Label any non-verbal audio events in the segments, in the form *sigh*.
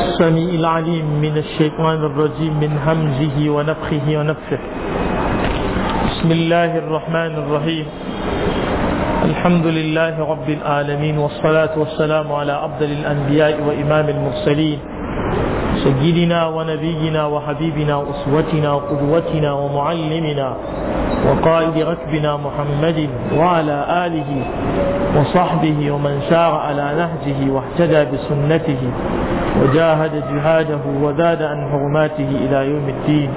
السميع العليم من الشيطان الرجيم من همزه ونفخه ونفخه بسم الله الرحمن الرحيم الحمد لله رب العالمين والصلاة والسلام على أفضل الأنبياء وإمام المرسلين سيدنا ونبينا وحبيبنا وأسوتنا وقدوتنا ومعلمنا وقائد ركبنا محمد وعلى آله وصحبه ومن سار على نهجه واهتدى بسنته وجاهد جهاده وزاد عن حرماته إلى يوم الدين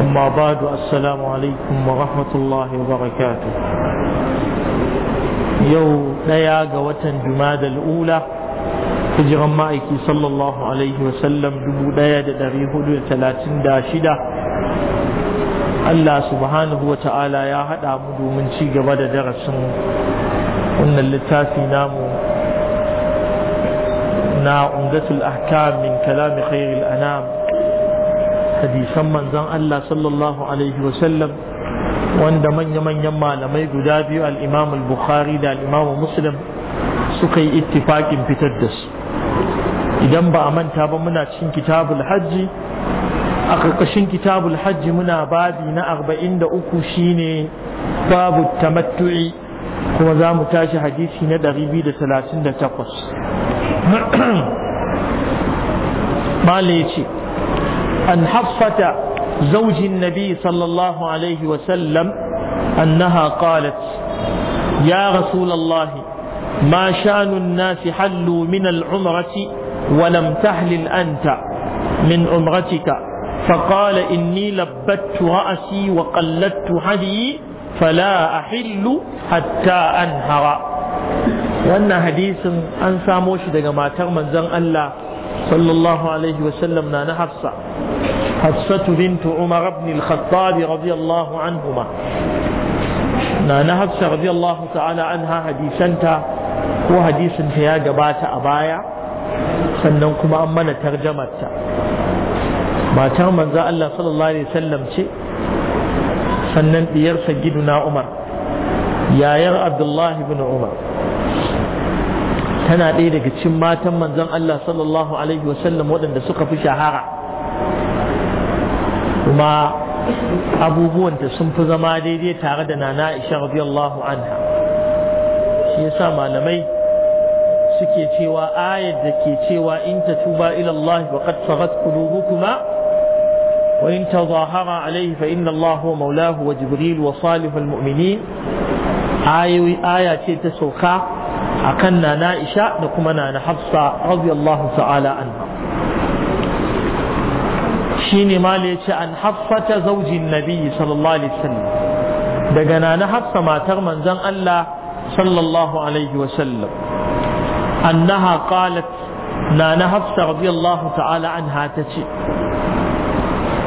أما بعد السلام عليكم ورحمة الله وبركاته يوم لياقة وتن جماد الأولى hijiran مائك صلى الله عليه وسلم ɗaya da ɗari داشدة Allah subhanahu wa ta'ala ya haɗa mu domin ci gaba da darasin wannan littafi namu na umdatul ahkam min kalami khairil anam hadisan manzon Allah sallallahu alaihi wa sallam wanda manya-manyan malamai guda biyu al-imam al-bukhari da al-imam muslim suka yi ittifaƙin fitar da su idan ba a manta ba muna cikin kitabul hajji a ƙarƙashin kitabul hajji muna babi na arba'in da uku shine babu tamattu'i kuma za mu tashi hadisi na ɗari biyu da talatin da takwas *clears throat* mala ce an haffata zaujin nabi sallallahu alaihi wasallam annaha qalat ya rasulallahi ما شأن الناس حلوا من العمرة ولم تحلل أنت من عمرتك فقال إني لبت رأسي وقلدت هدي فلا أحل حتى أنهر وأن حديث أن ساموش دقما ترمن زن الله صلى الله عليه وسلم نانا حفصة حفصة بنت عمر بن الخطاب رضي الله عنهما نانا حفصة رضي الله تعالى عنها حديثا هو حديث فيها جبات أبايا sannan kuma an mana tarjamarta matar manzo Allah sallallahu alaihi wasallam ce sannan diyarsa giduna Umar yayar Abdullahi ibn Umar tana ɗaya daga cikin matan manzon Allah sallallahu alaihi wasallam waɗanda suka fi shahara kuma abubuwanta sun fi zama daidai tare da nana Aisha radiyallahu anha shi yasa malamai suke cewa ayar da ke cewa in tatuba ila Allah wa qad sagat qulubukuma وإن تظاهر عليه فإن الله هو مولاه وجبريل وصالح المؤمنين آية آية تسوخا أكنا نائشة نقمنا نحفصة رضي الله تعالى عنها شيني مالي أن حفصة زوج النبي صلى الله عليه وسلم دقنا نحفص ما تغمن زن الله صلى الله عليه وسلم أنها قالت نانا حفصة رضي الله تعالى عنها تشي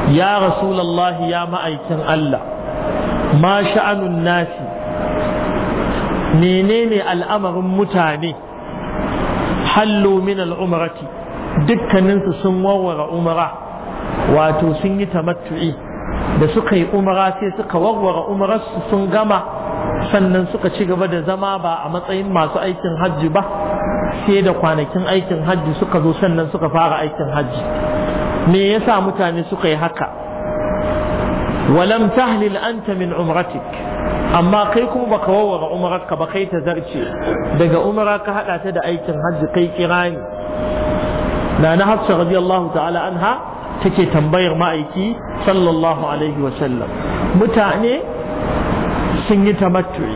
ya rasulullah ya ma'aikin Allah ma sha'anun nasi menene al'amarin mutane hallu min al'umrati dukkaninsu sun warware umra wato sun yi matu'i. da suka yi umra sai suka warware umrarsu sun gama sannan suka ci gaba da zama ba a matsayin masu aikin hajji ba sai da kwanakin aikin hajji suka zo sannan suka fara aikin hajji me yasa mutane suka yi haka walam tahlil anta min umratik amma kai kuma baka wawara umrarka ba kai ta zarce daga umra ka hada ta da aikin hajji kai kirani na na hafsa radiyallahu ta'ala anha take tambayar ma'aiki sallallahu alaihi wa sallam mutane sun yi tamattu'i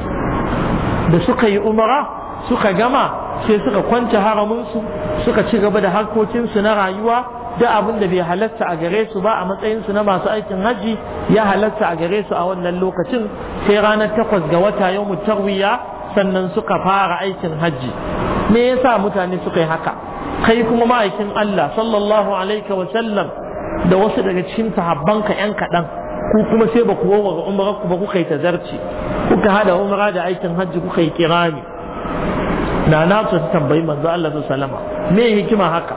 da suka yi umra suka gama sai suka kwanta haraminsu suka ci gaba da harkokinsu na rayuwa duk abin da bai halatta a gare su ba a matsayin su na masu aikin haji ya halatta a gare su a wannan lokacin sai ranar takwas ga wata yau mutarwiya sannan suka fara aikin haji me yasa mutane suka yi haka kai kuma ma'aikin Allah sallallahu alaihi wa sallam da wasu daga cikin sahabbanka yan kaɗan ku kuma sai ba ku wa umra ku ba kuka yi tazarci kuka hada umra da aikin haji kuka yi kirani na na su tambayi manzo Allah sallallahu alaihi wa sallama me hikima haka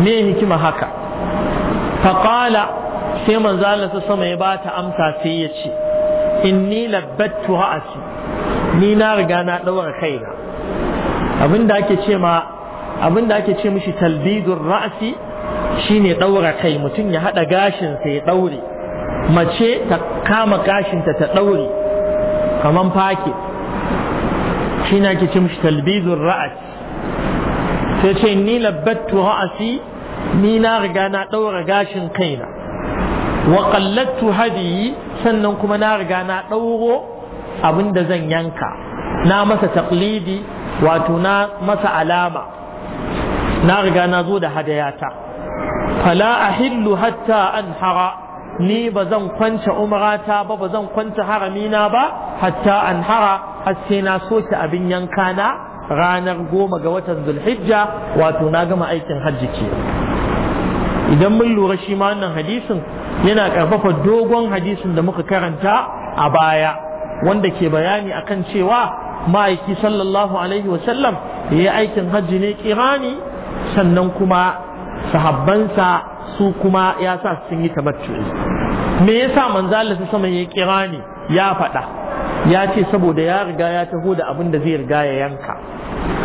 me hikima haka faƙala sai manzo Allah ta sama ya bata amsa sai ya ce inni labbattu ra'asi ni na riga na ɗaura kaina abinda ake ce ma abinda ake ce mishi talbidur ra'asi shine ɗaura kai mutum ya haɗa gashin sa ya ɗaure. mace ta kama gashin ta ta daure kaman fake shine ake ce mishi talbidur ra'asi sai ce ni labbattu ra'asi ni na riga na ɗaura gashin kaina wa qallattu hadiyi sannan kuma na riga na ɗauro abin da zan yanka na masa taqlidi wato na masa alama na riga na zo da hadayata fala ahillu hatta anhara ni ba zan kwanta umrata ba ba zan kwanta haramina ba hatta anhara har sai na soke abin yanka na ranar goma ga watan zulhijja wato na gama aikin hajji ke idan mun lura shi ma wannan hadisin yana karfafa dogon hadisin da muka karanta a baya wanda ke bayani akan cewa ma'aiki sallallahu alaihi wasallam ya yi aikin hajji ne kirani sannan kuma sahabbansa su kuma yasa sa sun yi tabbaci me yasa manzo Allah sama ya kirani ya faɗa ya ce saboda ya riga ya taho da abin da zai riga ya yanka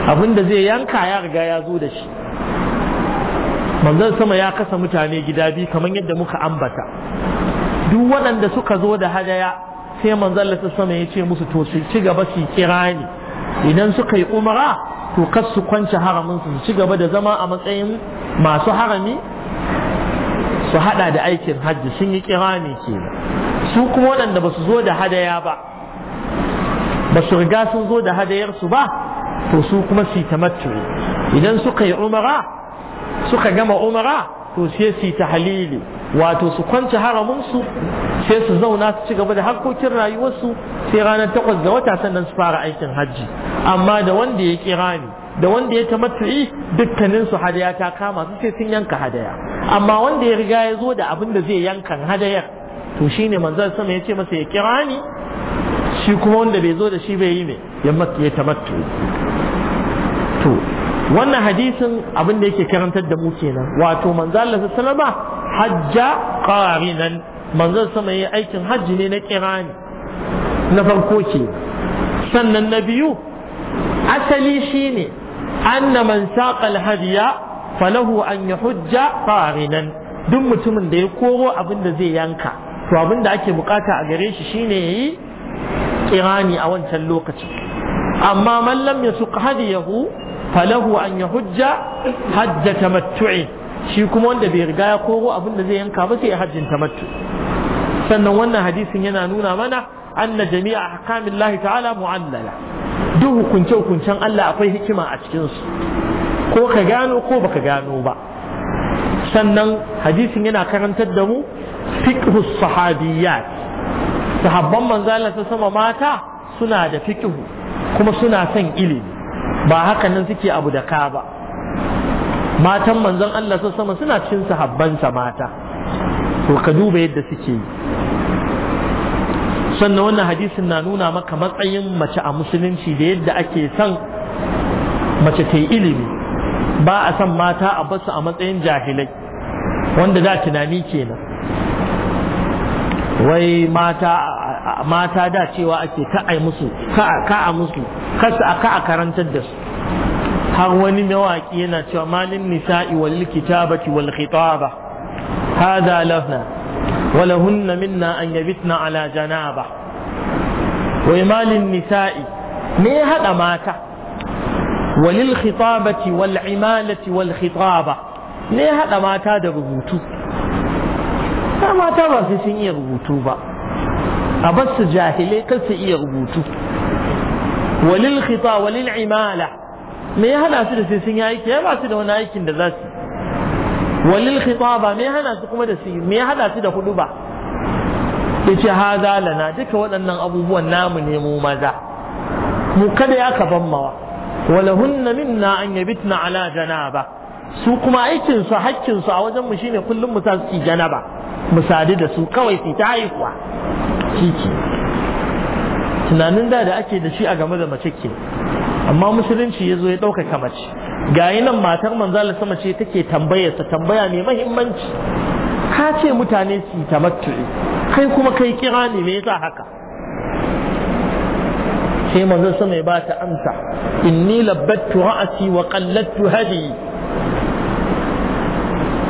abin da zai yanka ya riga ya zo da shi manzon sama ya kasa mutane gida biyu kamar yadda muka ambata duk waɗanda suka zo da hadaya sai manzon lasa sama ya ce musu to su ci gaba su kira ni idan suka yi umara to kar su kwance haramin su ci gaba da zama a matsayin masu harami su hada da aikin hajji sun yi kira ne su kuma waɗanda ba su zo da hadaya ba ba su riga sun zo da hadayarsu ba to su kuma su tamattu idan suka yi umara suka gama umara to sai su ta halili wato su kwanci haramunsu, sai su zauna su ci gaba da harkokin rayuwarsu sai ranar takwas ga wata sannan su fara aikin hajji amma da wanda ya kira ni da wanda ya tamattu'i dukkanin su hadaya ta kama su sai sun yanka hadaya amma wanda ya riga ya zo da abin da zai yankan hadayar to shine manzon sama ya ce masa ya kira ni shi kuma wanda bai zo da shi bai yi ne ya tamattu to wannan hadisin abin da yake karantar da mu kenan wato manzo Allah sallama hajja qarinan manzon sama yayi aikin hajji ne na kirani na farko ke sannan na biyu asali shine anna man saqa al-hadiya falahu an yahujja qarinan duk mutumin da ya koro abin da zai yanka to abin da ake bukata a gare shi shine yayi Irani a wancan lokaci amma mallam lam hadi hadiyahu falahu an yahujja hajja tamattu'i shi kuma wanda bai riga ya koro abin da zai yanka ba sai hajjin tamattu sannan wannan hadisin yana nuna mana anna jami'a lahi ta'ala mu'allala duk hukunce hukuncen Allah akwai hikima a cikin su ko ka gano ko baka gano ba sannan hadisin yana karantar da mu fiqhus sahabiyyat sahabban manzo Allah ta sama mata suna da fikihu kuma suna son ilimi ba haka nan suke abu da ka ba matan manzon Allah ta sama suna cin sahabban sa mata to ka duba yadda suke yi sannan wannan hadisin na nuna maka matsayin mace a musulunci da yadda ake son mace ta yi ilimi ba a son mata a basu a matsayin jahilai wanda da tunani kenan wai mata da cewa ake ka a musu ka a musu kasa ka a karantar da su har wani mawaƙi yana cewa malin nisa'i wal kitabati wal khitaba hada lahna wa lahunna minna an yabitna ala janaba wai malin nisa'i me ya hada mata walil khitabati wal imalati wal khitaba ne ya hada mata da rubutu mata ba sai sun iya rubutu ba a basu jahilai kar su iya rubutu walil khita walil imala me ya hana su da sai sun yi aiki ya ba su da wani aikin da za su walil khita ba me ya hana su kuma da su me ya hada su da hudu ba yace haza lana duka waɗannan abubuwan namu ne mu maza mu kada ya ka ban mawa ولهن منا أن يبتن على جنابه su kuma aikinsu, su hakkin su a wajen mu shine kullum mu su janaba mu da su kawai su ta haihuwa kiki tunanin da da ake da shi a game da mace ke amma musulunci ya zo ya ɗaukaka mace gayi nan matar manzala sama ce take tambayarsa tambaya mai mahimmanci ka ce mutane su tamattu'i kai kuma kai kira ne me yasa haka sai manzo sama ya ba ta amsa inni labbattu ra'asi wa qallattu hadi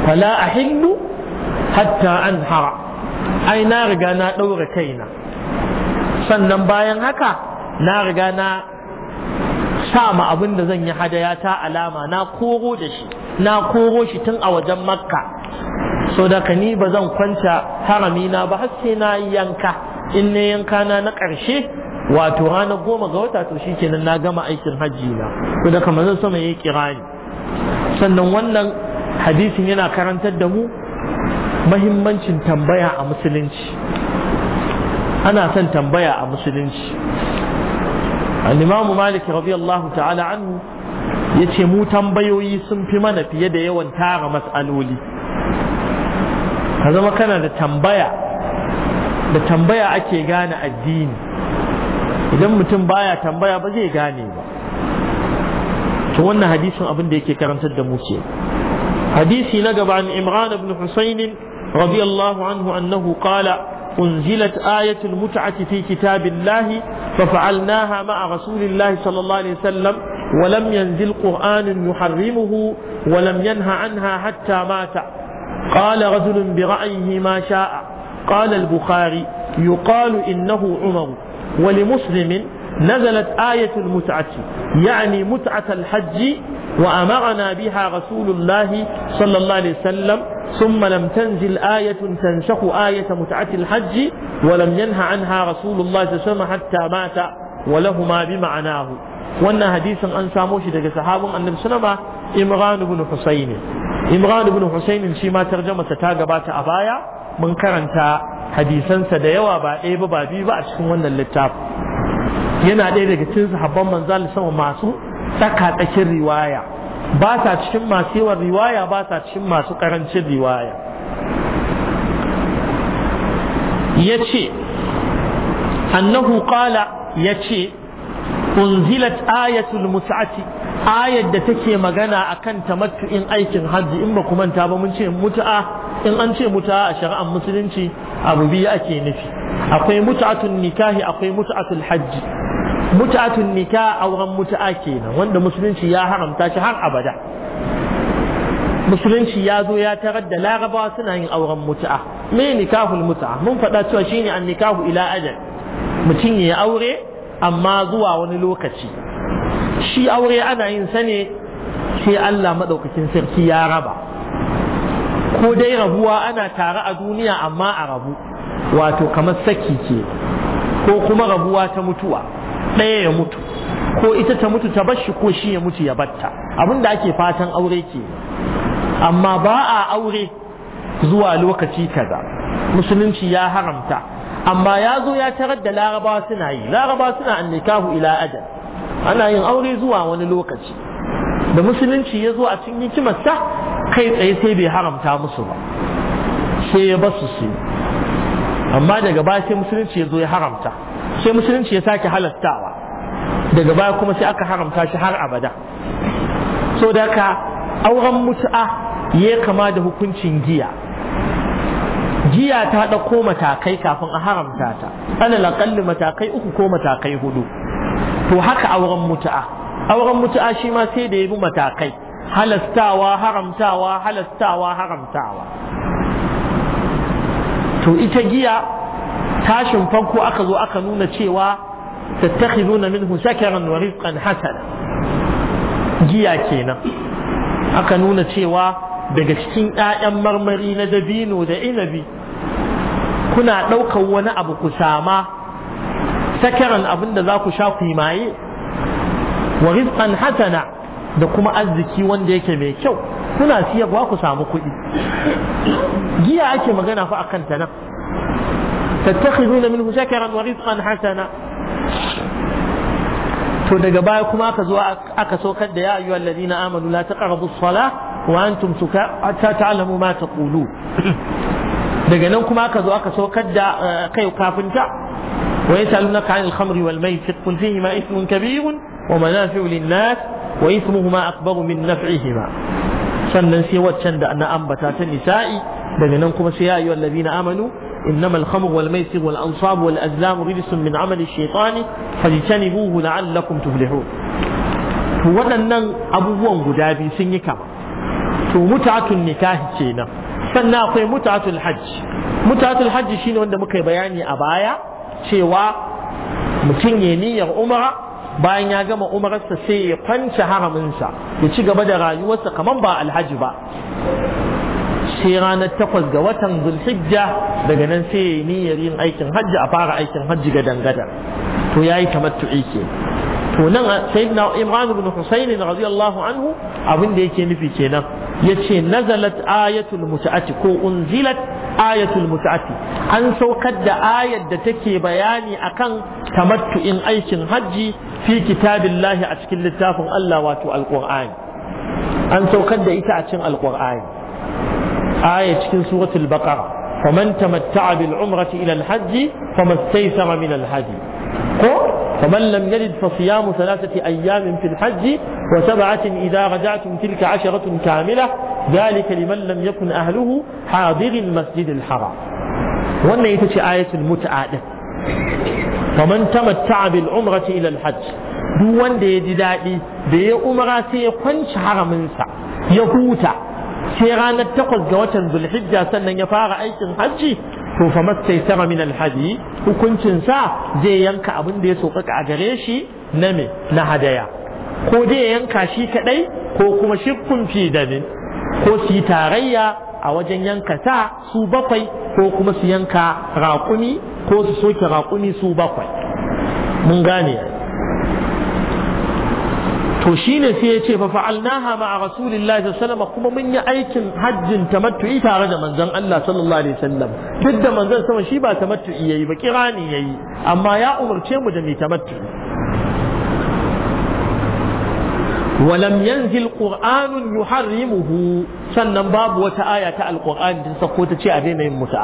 fala ahillu hatta anhara ai na riga na ɗaura kaina sannan bayan haka na riga na sa ma abin da zan yi hadaya ta alama na koro da shi na koro shi tun a wajen makka so da ni ba zan kwanta harami na ba har sai na yanka in ne yanka na na karshe wato ranar goma ga wata to kenan na gama aikin hajji na so da kamar zan sama yayi kirani sannan wannan hadisin yana karantar da mu mahimmancin tambaya a musulunci ana son tambaya a musulunci al-imam malik radiyallahu ta'ala anhu ce mu tambayoyi sun fi mana fiye da yawan tara mas'aloli ka zama kana da tambaya da tambaya ake gane addini idan mutum baya tambaya ba zai gane ba to wannan hadisin abin da yake karantar da mu ke حديثي نقب عن عمران بن حسين رضي الله عنه أنه قال أنزلت آية المتعة في كتاب الله ففعلناها مع رسول الله صلى الله عليه وسلم ولم ينزل قرآن يحرمه ولم ينه عنها حتى مات قال رجل برأيه ما شاء قال البخاري يقال إنه عمر ولمسلم نزلت آية المتعة يعني متعة الحج وأمرنا بها رسول الله صلى الله عليه وسلم ثم لم تنزل آية تنسخ آية متعة الحج ولم ينه عنها رسول الله صلى الله عليه وسلم حتى مات ولهما بمعناه وأن حديثا أن ساموش دقى صحابه أن سلمة إمران بن حسين إمران بن حسين شما ترجمة تاقبات أبايا من كرنتا hadisansa da yawa ba ɗaya ba ba biyu ba a cikin wannan littafin yana ɗaya daga cikin sahabban manzo Allah sama masu tsaka tsakin riwaya ba sa cikin masu yawan riwaya ba sa cikin masu karancin riwaya yace annahu qala yace unzilat ayatul mut'ati ayat da take magana akan tamattu'in aikin hajji in ba ku manta ba mun ce mut'a in an ce mut'a a shari'ar musulunci abu biyu ake nufi akwai mut'atun nikahi akwai mut'atul hajji mut'atun nika auren mutu'a kenan wanda musulunci ya haramta shi har abada musulunci ya zo ya tarar da larabawa suna yin auren mutu'a me nikahul mutu'a mun faɗa cewa shine an nikahu ila ajal mutum ya aure amma zuwa wani lokaci shi aure ana yin sa ne sai Allah madaukakin sarki ya raba ko dai rabuwa ana tare a duniya amma a rabu wato kamar saki ke ko kuma rabuwa ta mutuwa ɗaya ya mutu ko ita ta mutu ta bashi ko shi ya mutu ya batta abin da ake fatan aure ke amma ba a aure zuwa lokaci kaza musulunci ya haramta amma ya zo ya tarar da larabawa suna yi larabawa suna an nikahu ila ajal ana yin aure zuwa wani lokaci da musulunci ya zo a cikin hikimarsa kai tsaye sai bai haramta musu ba sai ya basu su amma daga baya sai musulunci ya zo ya haramta sai musulunci ya sake halastawa daga baya kuma sai aka haramta shi har abada so da ka auren mutu'a ya kama da hukuncin giya giya ta ɗauko matakai kafin a haramta ta ana matakai uku ko matakai hudu to haka auren mutu'a auren mutu'a shi ma sai da ya bi matakai halastawa haramtawa halastawa haramtawa to ita giya tashin farko aka zo aka nuna cewa tattakhizuna minhu sakaran wa rizqan hasana giya kenan aka nuna cewa daga cikin 'ya'yan marmari na dabino da inabi kuna ɗaukar wani abu ku sama sakaran abin da za ku sha ku maye wa rizqan hasana da kuma arziki wanda yake mai kyau kuna siyarwa ku samu kuɗi giya ake magana fa akan ta nan تتخذون منه شكرا ورزقا حسنا فدقبايكم أكزوا أكسوا كد يا أيها الذين آمنوا لا تقربوا الصلاة وأنتم سكاء حتى تعلموا ما تقولون دقنوكم أكزوا أكسوا قد كي كافنتا ويسألونك عن الخمر والميسر قل فيهما إثم كبير ومنافع للناس وإثمهما أكبر من نفعهما فلننسي واتشند أن أنبتات النساء دقنوكم سيا أيها الذين آمنوا إنما الخمر والميسر والأنصاب والأزلام رجس من عمل الشيطان فاجتنبوه لعلكم تفلحون waɗannan abubuwan guda biyu sun yi kama to mutatun nikahi kenan sannan akwai mutatul hajji mutatul hajji shine wanda muka yi bayani a baya cewa mutum ya niyyar umara bayan ya gama umararsa sai ya kwance haraminsa ya ci gaba da rayuwarsa kamar ba alhaji ba sai ranar takwas ga watan zulhijja daga nan sai ya yi niyyar yin aikin hajji a fara aikin hajji ga dangada to ya yi tamattu'i ke to nan sayyidina imran ibn husayn radiyallahu anhu abin da yake nufi kenan yace nazalat ayatul mutaati ko unzilat ayatul mutaati an saukar da ayar da take bayani akan tamattu'in aikin hajji fi kitabillahi a cikin littafin Allah wato alqur'ani an saukar da ita a cikin alqur'ani آية cikin سورة البقرة فمن تمتع بالعمرة إلى الحج فما استيسر من الحج فمن لم يجد فصيام ثلاثة أيام في الحج وسبعة إذا رجعتم تلك عشرة كاملة ذلك لمن لم يكن أهله حاضر المسجد الحرام وأن يتشي آية المتعة فمن تمتع بالعمرة إلى الحج دون دي دي دي دي أمرا سيقنش حرمنسا يهوتا sai ranar takwas ga watan zulhijja sannan ya fara aikin hajji to fa mastaisara min alhadi hukuncin sa zai yanka abin da ya sokaka a gare shi na me na hadaya ko zai yanka shi kadai ko kuma shirkun fi damin ko su yi tarayya a wajen yanka sa su bakwai ko kuma su yanka raƙumi ko su soke raƙumi su bakwai mun gane to shine sai ya ce fa fa'alnaha ma'a rasulillahi sallallahu alaihi wasallam kuma mun yi aikin hajjin tamattu'i tare da manzon Allah sallallahu alaihi wasallam duk da manzon sama shi ba tamattu'i yayi ba kirani yayi amma ya umarce mu da mu tamattu'i ولم ينزل قرآن يحرمه sannan babu wata aya ta alqur'ani ta sako ta ce a daina yin muta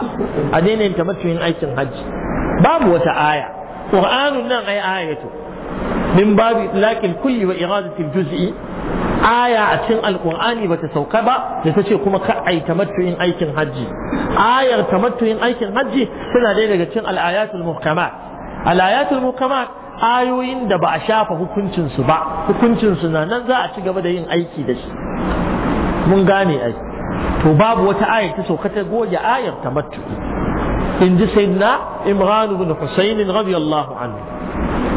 a daina yin tamattu'in aikin hajji babu wata aya qur'anun nan ai ayatu min babu itlaqil kulli wa iradatil juz'i aya a cikin alkur'ani bata sauka ba da tace ce kuma ka ai tamattu'in aikin hajji ayar tamattu'in aikin hajji tana daya daga cikin al'ayatul muhkamat al'ayatul muhkamat ayoyin da ba a shafa hukuncin su ba hukuncin su na nan za a ci gaba da yin aiki da shi mun gane ai to babu wata ayar ta sauka ta goge ayar tamattu'i in ji sayyidina imran ibn husayn radiyallahu anhu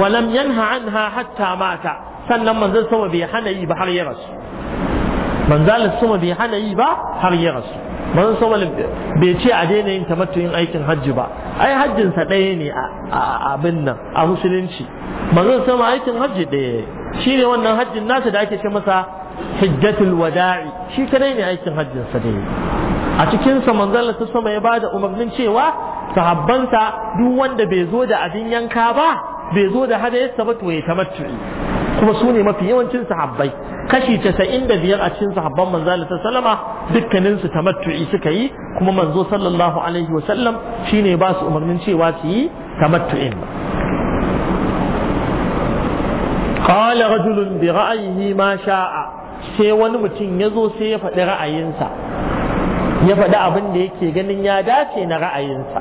walam yanha anha hatta mata sannan manzon sama bai hana yi ba har ya rasu manzon sama bai hana yi ba har ya rasu manzon sama bai ce a daina yin tamattuyin aikin hajji ba ai hajjinsa ɗaya ne a abin nan a musulunci manzon sama aikin hajji ɗaya Shi ne wannan hajjin nasa da ake ce masa hijjatul wada'i shi kadai ne aikin hajjinsa ɗaya. a cikinsa sa sama ya bada umarnin cewa sahabbansa duk wanda bai zo da abin yanka ba bai zo da hadayarsa ba to ya tamattu'i kuma su ne mafi yawancin sahabbai kashi casa'in da biyar a cikin sahabban manzo Allah sallama dukkanin su tamattu'i suka yi kuma manzo sallallahu alaihi wa sallam shine ba su umarnin cewa su yi in qala rajulun bi ra'ayhi ma sha'a sai wani mutum ya zo sai ya faɗi ra'ayinsa ya faɗi abin da yake ganin ya dace na ra'ayinsa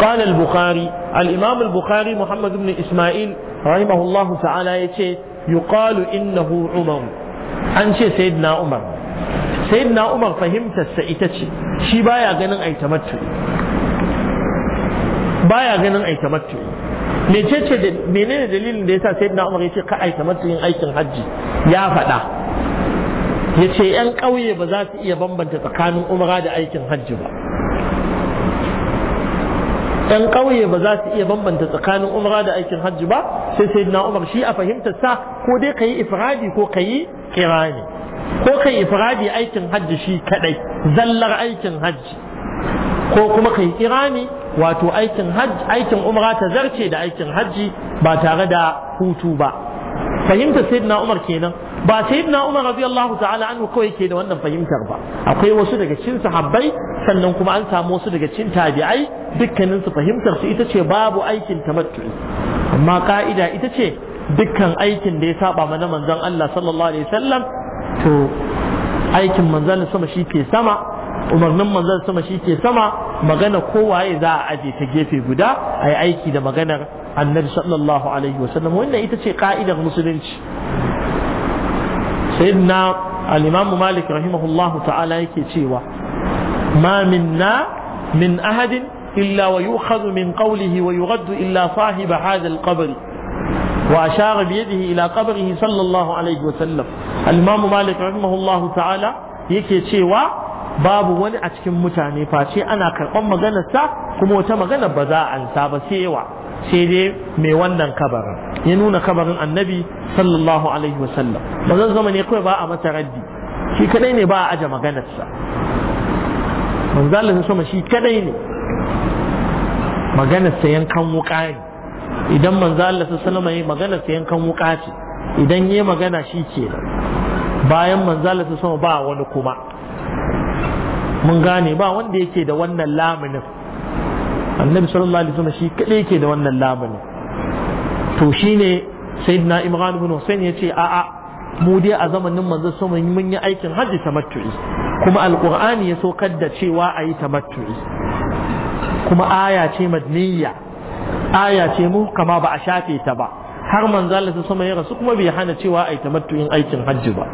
قال البخاري الإمام البخاري محمد بن إسماعيل رحمه الله تعالى يتي يقال إنه عمر أنشي سيدنا عمر سيدنا عمر فهمت السئتشي شي بايا غنن أي تمتع بايا غنن أي تمتع mecece da menene dalilin da yasa sayyidina Umar yace ka aika yin aikin hajji ya faɗa yace yan ƙauye ba za su iya bambanta tsakanin umara da aikin hajji ba yan ƙauye ba za su iya bambanta tsakanin umra da aikin hajji ba sai sai na umar shi a fahimtar sa ko dai ka yi ifradi ko ka yi kirani ko ka yi ifradi aikin hajji shi kadai zallar aikin hajji ko kuma ka yi kirani wato aikin hajji aikin umra ta zarce da aikin hajji ba tare da hutu ba fahimtar sayyidina umar kenan ba sayyidina Umar radiyallahu ta'ala anhu kawai ke da wannan fahimtar ba akwai wasu daga cikin sahabbai sannan kuma an samu wasu daga cikin tabi'ai dukkanin su fahimtar su ita ce babu aikin tamattu amma ka'ida ita ce dukkan aikin da ya saba mana manzon Allah sallallahu alaihi wasallam to aikin manzon sama shi ke sama umarnin manzon sama shi ke sama magana kowaye za a aje ta gefe guda a yi aiki da maganar annabi sallallahu alaihi wasallam wannan ita ce ka'idar musulunci sayyidina al-imam malik rahimahullahu ta'ala yake cewa ma minna min ahadin illa wa yu'khadhu min qawlihi wa yughaddu illa sahib hadha al-qabr wa ashara bi yadihi ila qabrihi sallallahu alaihi wa sallam al-imam malik rahimahullahu ta'ala yake cewa babu wani a cikin mutane face ana karɓar sa kuma wata maganar ba za a ansa ba sai sai dai mai wannan kabarin ya nuna kabarin annabi sallallahu alaihi wasallam ba zan zama ne kawai ba a masa raddi shi kadai ne ba a aje maganarsa manzalin sama shi kadai ne maganarsa yankan wuka ne idan manzalin sallama ya maganarsa yankan wuka ce idan ya magana shi ke bayan manzalin sama ba wani kuma mun gane ba wanda yake da wannan laminin annabi sallallahu alaihi wasallam shi kadai yake da wannan labarin to shine sayyidina imran ibn husayn yace a a mu dai a zamanin manzo sama mun yi aikin hajji tamattu'i kuma alqur'ani ya saukar da cewa ayi tamattu'i kuma aya ce madniyya aya ce mu kama ba a shafe ta ba har manzo Allah sama ya rasu kuma bai hana cewa ayi tamattu'in aikin hajji ba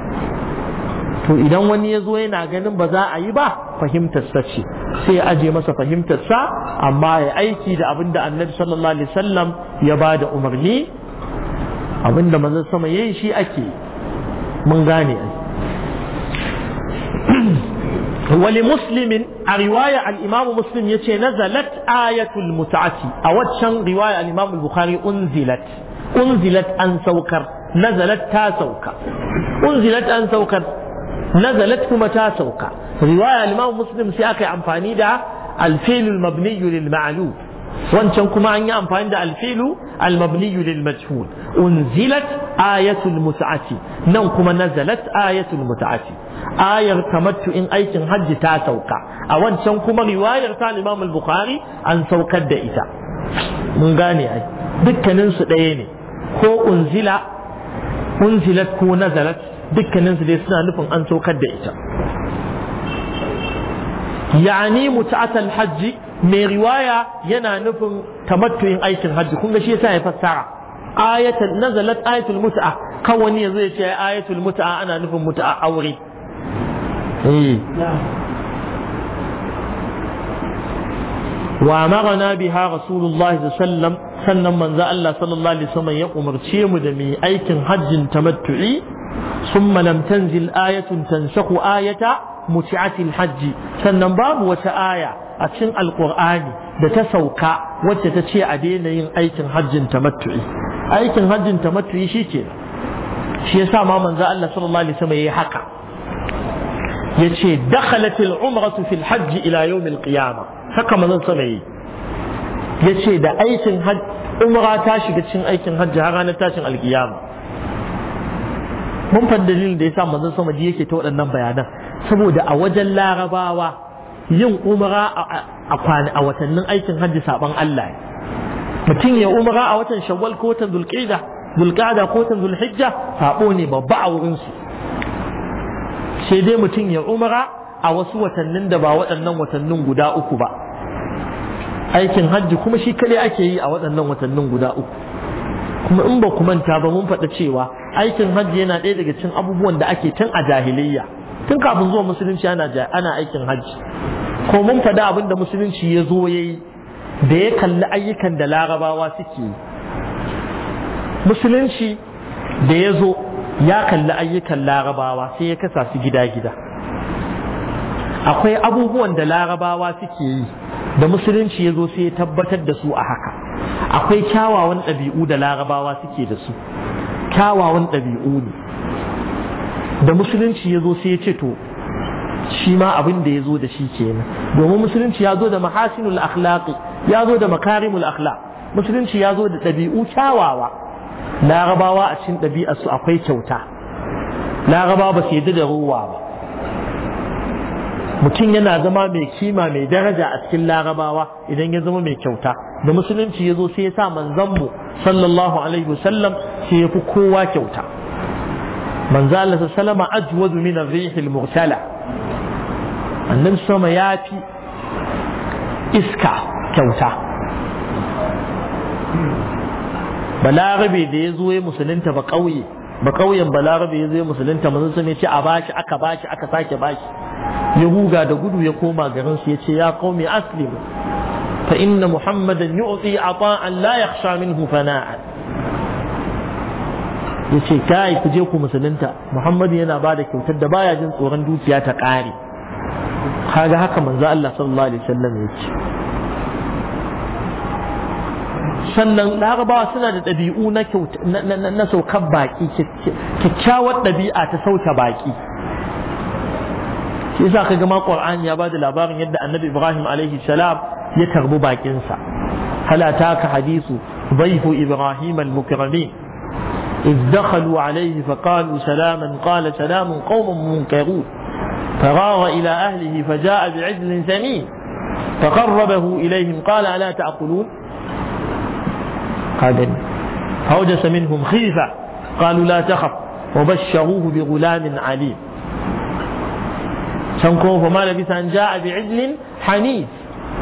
to idan wani ya zo yana ganin ba za a yi ba fahimtarsa ce sai ya aje masa fahimtarsa amma ya aiki da abin da annabi sallallahu alaihi wasallam ya ba da umarni abin da manzon sama yayi shi ake mun gane *clears throat* wali muslimin a riwaya al-imam muslim yace nazalat ayatul mut'ati a waccan riwaya al-imam al-bukhari unzilat unzilat an saukar nazalat ta sauka unzilat an saukar نزلت كما تاسوكا رواية الإمام مسلم سياقي عن فانيدا الفيل المبني للمعلوم وانت كما عن يام فانيدا الفيل المبني للمجهول انزلت آية المتعة نو نعم نزلت آية المتعة آية كمت إن أيت حج تاسوكا وانت كما رواية رسال الإمام البخاري عن سوكا دائتا مغاني أي دكا ننسو ديني كو انزلت انزلت كو نزلت dukkaninsu dai suna nufin an saukar da ita yani muta'atal hajji mai riwaya yana nufin tamattuyin aikin hajji kun ga shi yasa ya fassara ayatul nazalat ayatul mut'a kan wani yazo ya ce ayatul mut'a ana nufin mut'a aure eh wa amarna biha rasulullahi sallallahu sannan manzo Allah sallallahu alaihi wasallam ya umarce mu da mu aikin hajjin tamattu'i ثم لم تنزل آية تنسخ آية متعة الحج sannan babu wata aya a cikin alkur'ani da ta sauka wacce ta ce a daina yin aikin hajjin tamattu'i aikin hajjin tamattu'i shi yasa ma manzo Allah sallallahu alaihi wasallam yayi haka yace dakhalatil umratu fil hajj ila yawmil qiyamah haka manzo sallallahu yace da aikin hajj umra ta shiga cikin aikin hajji har ranar tashin alkiyama mun fa dalilin da yasa manzon sama ji yake ta waɗannan bayanan saboda a wajen larabawa yin umra a kwana a watannin aikin hajji saban Allah mutum ya umra a watan shawwal ko watan zulqa'da zulqa'da ko watan zulhijja sabo ne babba a wurin su sai dai mutum ya umra a wasu watannin da ba waɗannan watannin guda uku ba aikin hajji kuma shi kale ake yi a waɗannan watannin guda uku kuma in ba ku manta ba mun faɗa cewa aikin hajji yana ɗaya daga cikin abubuwan da ake tun a jahiliyya tun kafin zuwa musulunci ana ana aikin hajji ko mun faɗa abin da musulunci ya zo ya yi da ya kalli ayyukan da larabawa suke yi musulunci da ya zo ya kalli ayyukan larabawa sai ya kasa su gida-gida akwai abubuwan da larabawa suke yi da musulunci ya zo sai ya tabbatar da su a haka akwai kyawawan ɗabi'u da larabawa suke da su kyawawan ɗabi'u ne da musulunci ya zo sai ya ce to shi ma abin da ya zo da shi kenan domin musulunci ya zo da mahasinul akhlaqi ya zo da makarimul akhlaq musulunci ya zo da ɗabi'u kyawawa larabawa a cikin su akwai kyauta larabawa ba su yadda da ruwa ba mutum yana zama mai kima mai daraja a cikin larabawa idan ya zama mai kyauta da musulunci ya zo sai ya sa manzanmu sallallahu alaihi wasallam sai ya fi kowa kyauta manzo Allah sallama ajwadu min rihil murtala annabi sama ya fi iska kyauta balarabe da ya zo ya musulunta ba ƙauye ba kauyen balarabe ya zai musulunta manzo sun ce a bashi aka bashi aka sake bashi ya huga da gudu ya koma garin su ya ce ya qaumi aslimu fa inna muhammadan yu'ti ata'an la yakhsha minhu fana'an yace kai ku je ku musulunta muhammadu yana ba da kyautar da baya jin tsoron dukiya ta kare kaga haka manzo Allah sallallahu alaihi wasallam ya ce sannan larabawa suna da ɗabi'u na saukar baƙi kyakkyawar ɗabi'a ta sauka baƙi shi yasa ka gama ƙwar'ani ya ba da labarin yadda annabi ibrahim alaihi salam ya tarbi baƙinsa halata ka hadisu ضيف إبراهيم المكرمين إذ دخلوا عليه فقالوا سلاما قال سلام قوم منكرون فراغ إلى أهله فجاء بعجل سمين فقربه إليهم قال ألا تأكلون قادم فوجس منهم خيفة قالوا لا تخف وبشروه بغلام عليم شنكم فما لبث أن جاء بعجل حنيف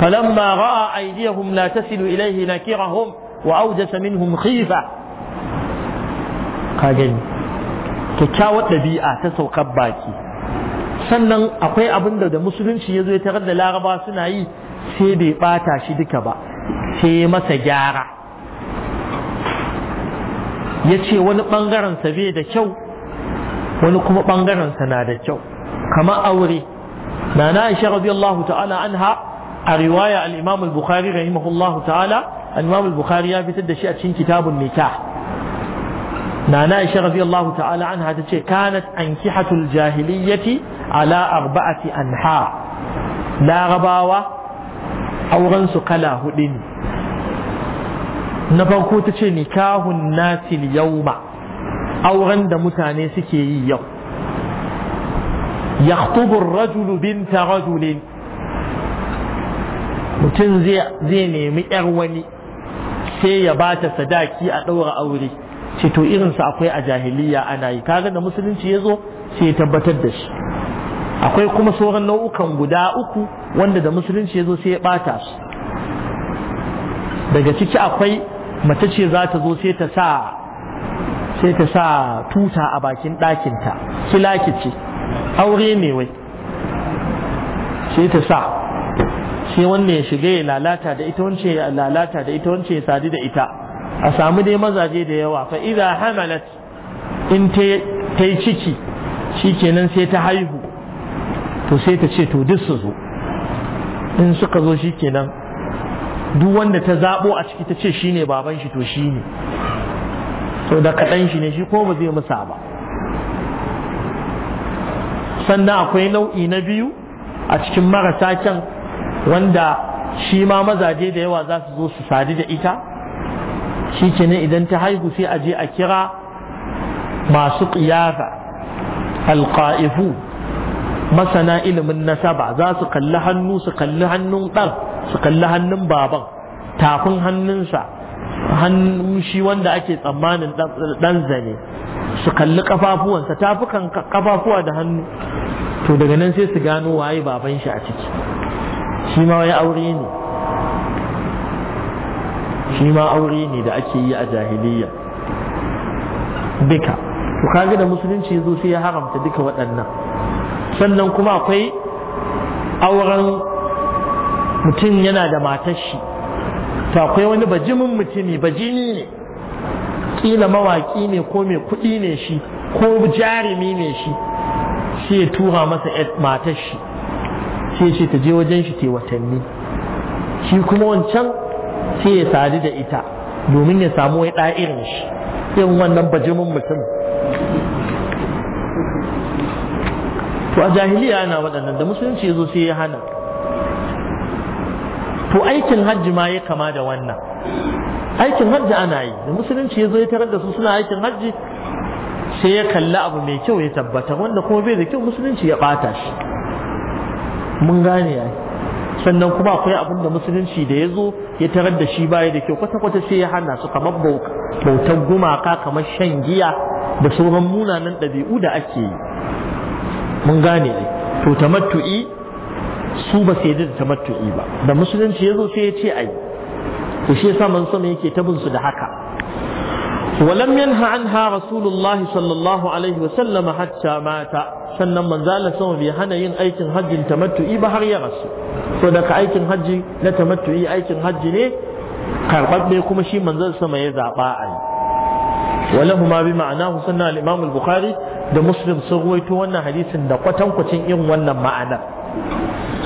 فلما رأى أيديهم لا تصل إليه نكرهم وأوجس منهم خيفة قادم kyakkyawar ɗabi'a ta saukar baki sannan akwai abin da da musulunci ya zo ya tarar da laraba suna yi sai bai ɓata shi duka ba sai masa gyara ya ce wani ɓangarensa bai da kyau wani kuma ɓangarensa na da kyau kama aure na na aisha radiyallahu ta'ala anha a riwaya al-imam al-bukhari rahimahullahu ta'ala al-imam al-bukhari ya fitar da shi a cikin kitabun nikah na na aisha radiyallahu ta'ala anha ta ce kanat ankihatul jahiliyyati ala arba'ati anha larabawa auren su kala hudu ne na farko ta ce nikahun nasil yauma auren da mutane suke yi yau yakhtubu rajulu binta rajulin mutum zai nemi yar wani sai ya bata sadaki a ɗaura aure ce to irinsa akwai a jahiliya ana yi kaga da musulunci ya zo sai ya tabbatar da shi akwai kuma sauran nau'ukan guda uku wanda da musulunci ya zo sai ya ɓata su daga ciki akwai mace ce za ta zo sai ta sa sai ta sa tuta a bakin ɗakinta kilaki ce aure ne wai sai ta sa sai wanne ya shiga ya lalata da ita wance ya lalata da ita wance ya sadu da ita a samu dai mazaje da yawa fa idza hamalat in ta yi ciki shikenan sai ta haihu to sai ta ce to duk su zo in suka zo shikenan duk wanda ta zabo a ciki ta ce shine baban shi to shine to da kaɗan shi ne shi ko ba zai musa ba sannan akwai nau'i na biyu a cikin marasa kyan wanda shi ma mazaje da yawa za su zo su sadu da ita shi ne idan ta haihu sai a je a kira masu ƙiyafa alƙa'ifu masana ilimin nasaba za su kalli hannu su kalli hannun ɗan su kalli hannun baban tafin hannunsa hannun shi wanda ake tsammanin ɗan zane su kalli kafafuwansa tafukan kafafuwa da hannu to daga nan sai su gano waye baban shi a ciki shi ma wai aure ne shi ma aure ne da ake yi a jahiliya duka to ga da musulunci yazo sai ya haramta duka waɗannan sannan kuma akwai auren mutum yana da matar shi ta akwai wani bajimin mutumi bajini ne kila mawaki ne ko mai kuɗi ne shi ko jarumi ne shi sai ya tura masa matar shi sai ce ta je wajen shi te watanni shi kuma wancan sai ya sadu da ita domin ya samu wai ɗa'irin shi yin wannan bajimin mutum to a jahiliya ana waɗannan da musulunci ya zo sai ya hana to aikin hajji ma ya kama da wannan aikin hajji ana yi da musulunci ya zo ya tarar da su suna aikin hajji sai ya kalli abu mai kyau ya tabbata wanda kuma bai da kyau musulunci ya bata shi mun gane ya sannan kuma akwai abin da musulunci da ya zo ya tarar da shi baya da kyau kwata-kwata sai ya hana su kamar bautar gumaka kamar shan giya da sauran munanan ɗabi'u da ake yi mun gane to tamattu'i su ba sai da tamattu'i ba da musulunci ya zo sai ya ce ai to shi yasa man sama yake tabin su da haka ولم ينه عنها رسول الله صلى الله عليه وسلم حتى مات sannan manzala sama bai hana yin aikin hajjin tamattu'i ba har ya rasu so daga aikin hajji na tamattu'i aikin hajji ne karɓaɓɓe kuma shi manzal sama ya zaɓa a yi ولهما بمعناه سنة الإمام البخاري da مسلم sun وانا wannan hadisin da kwatankwacin irin wannan ma'anar.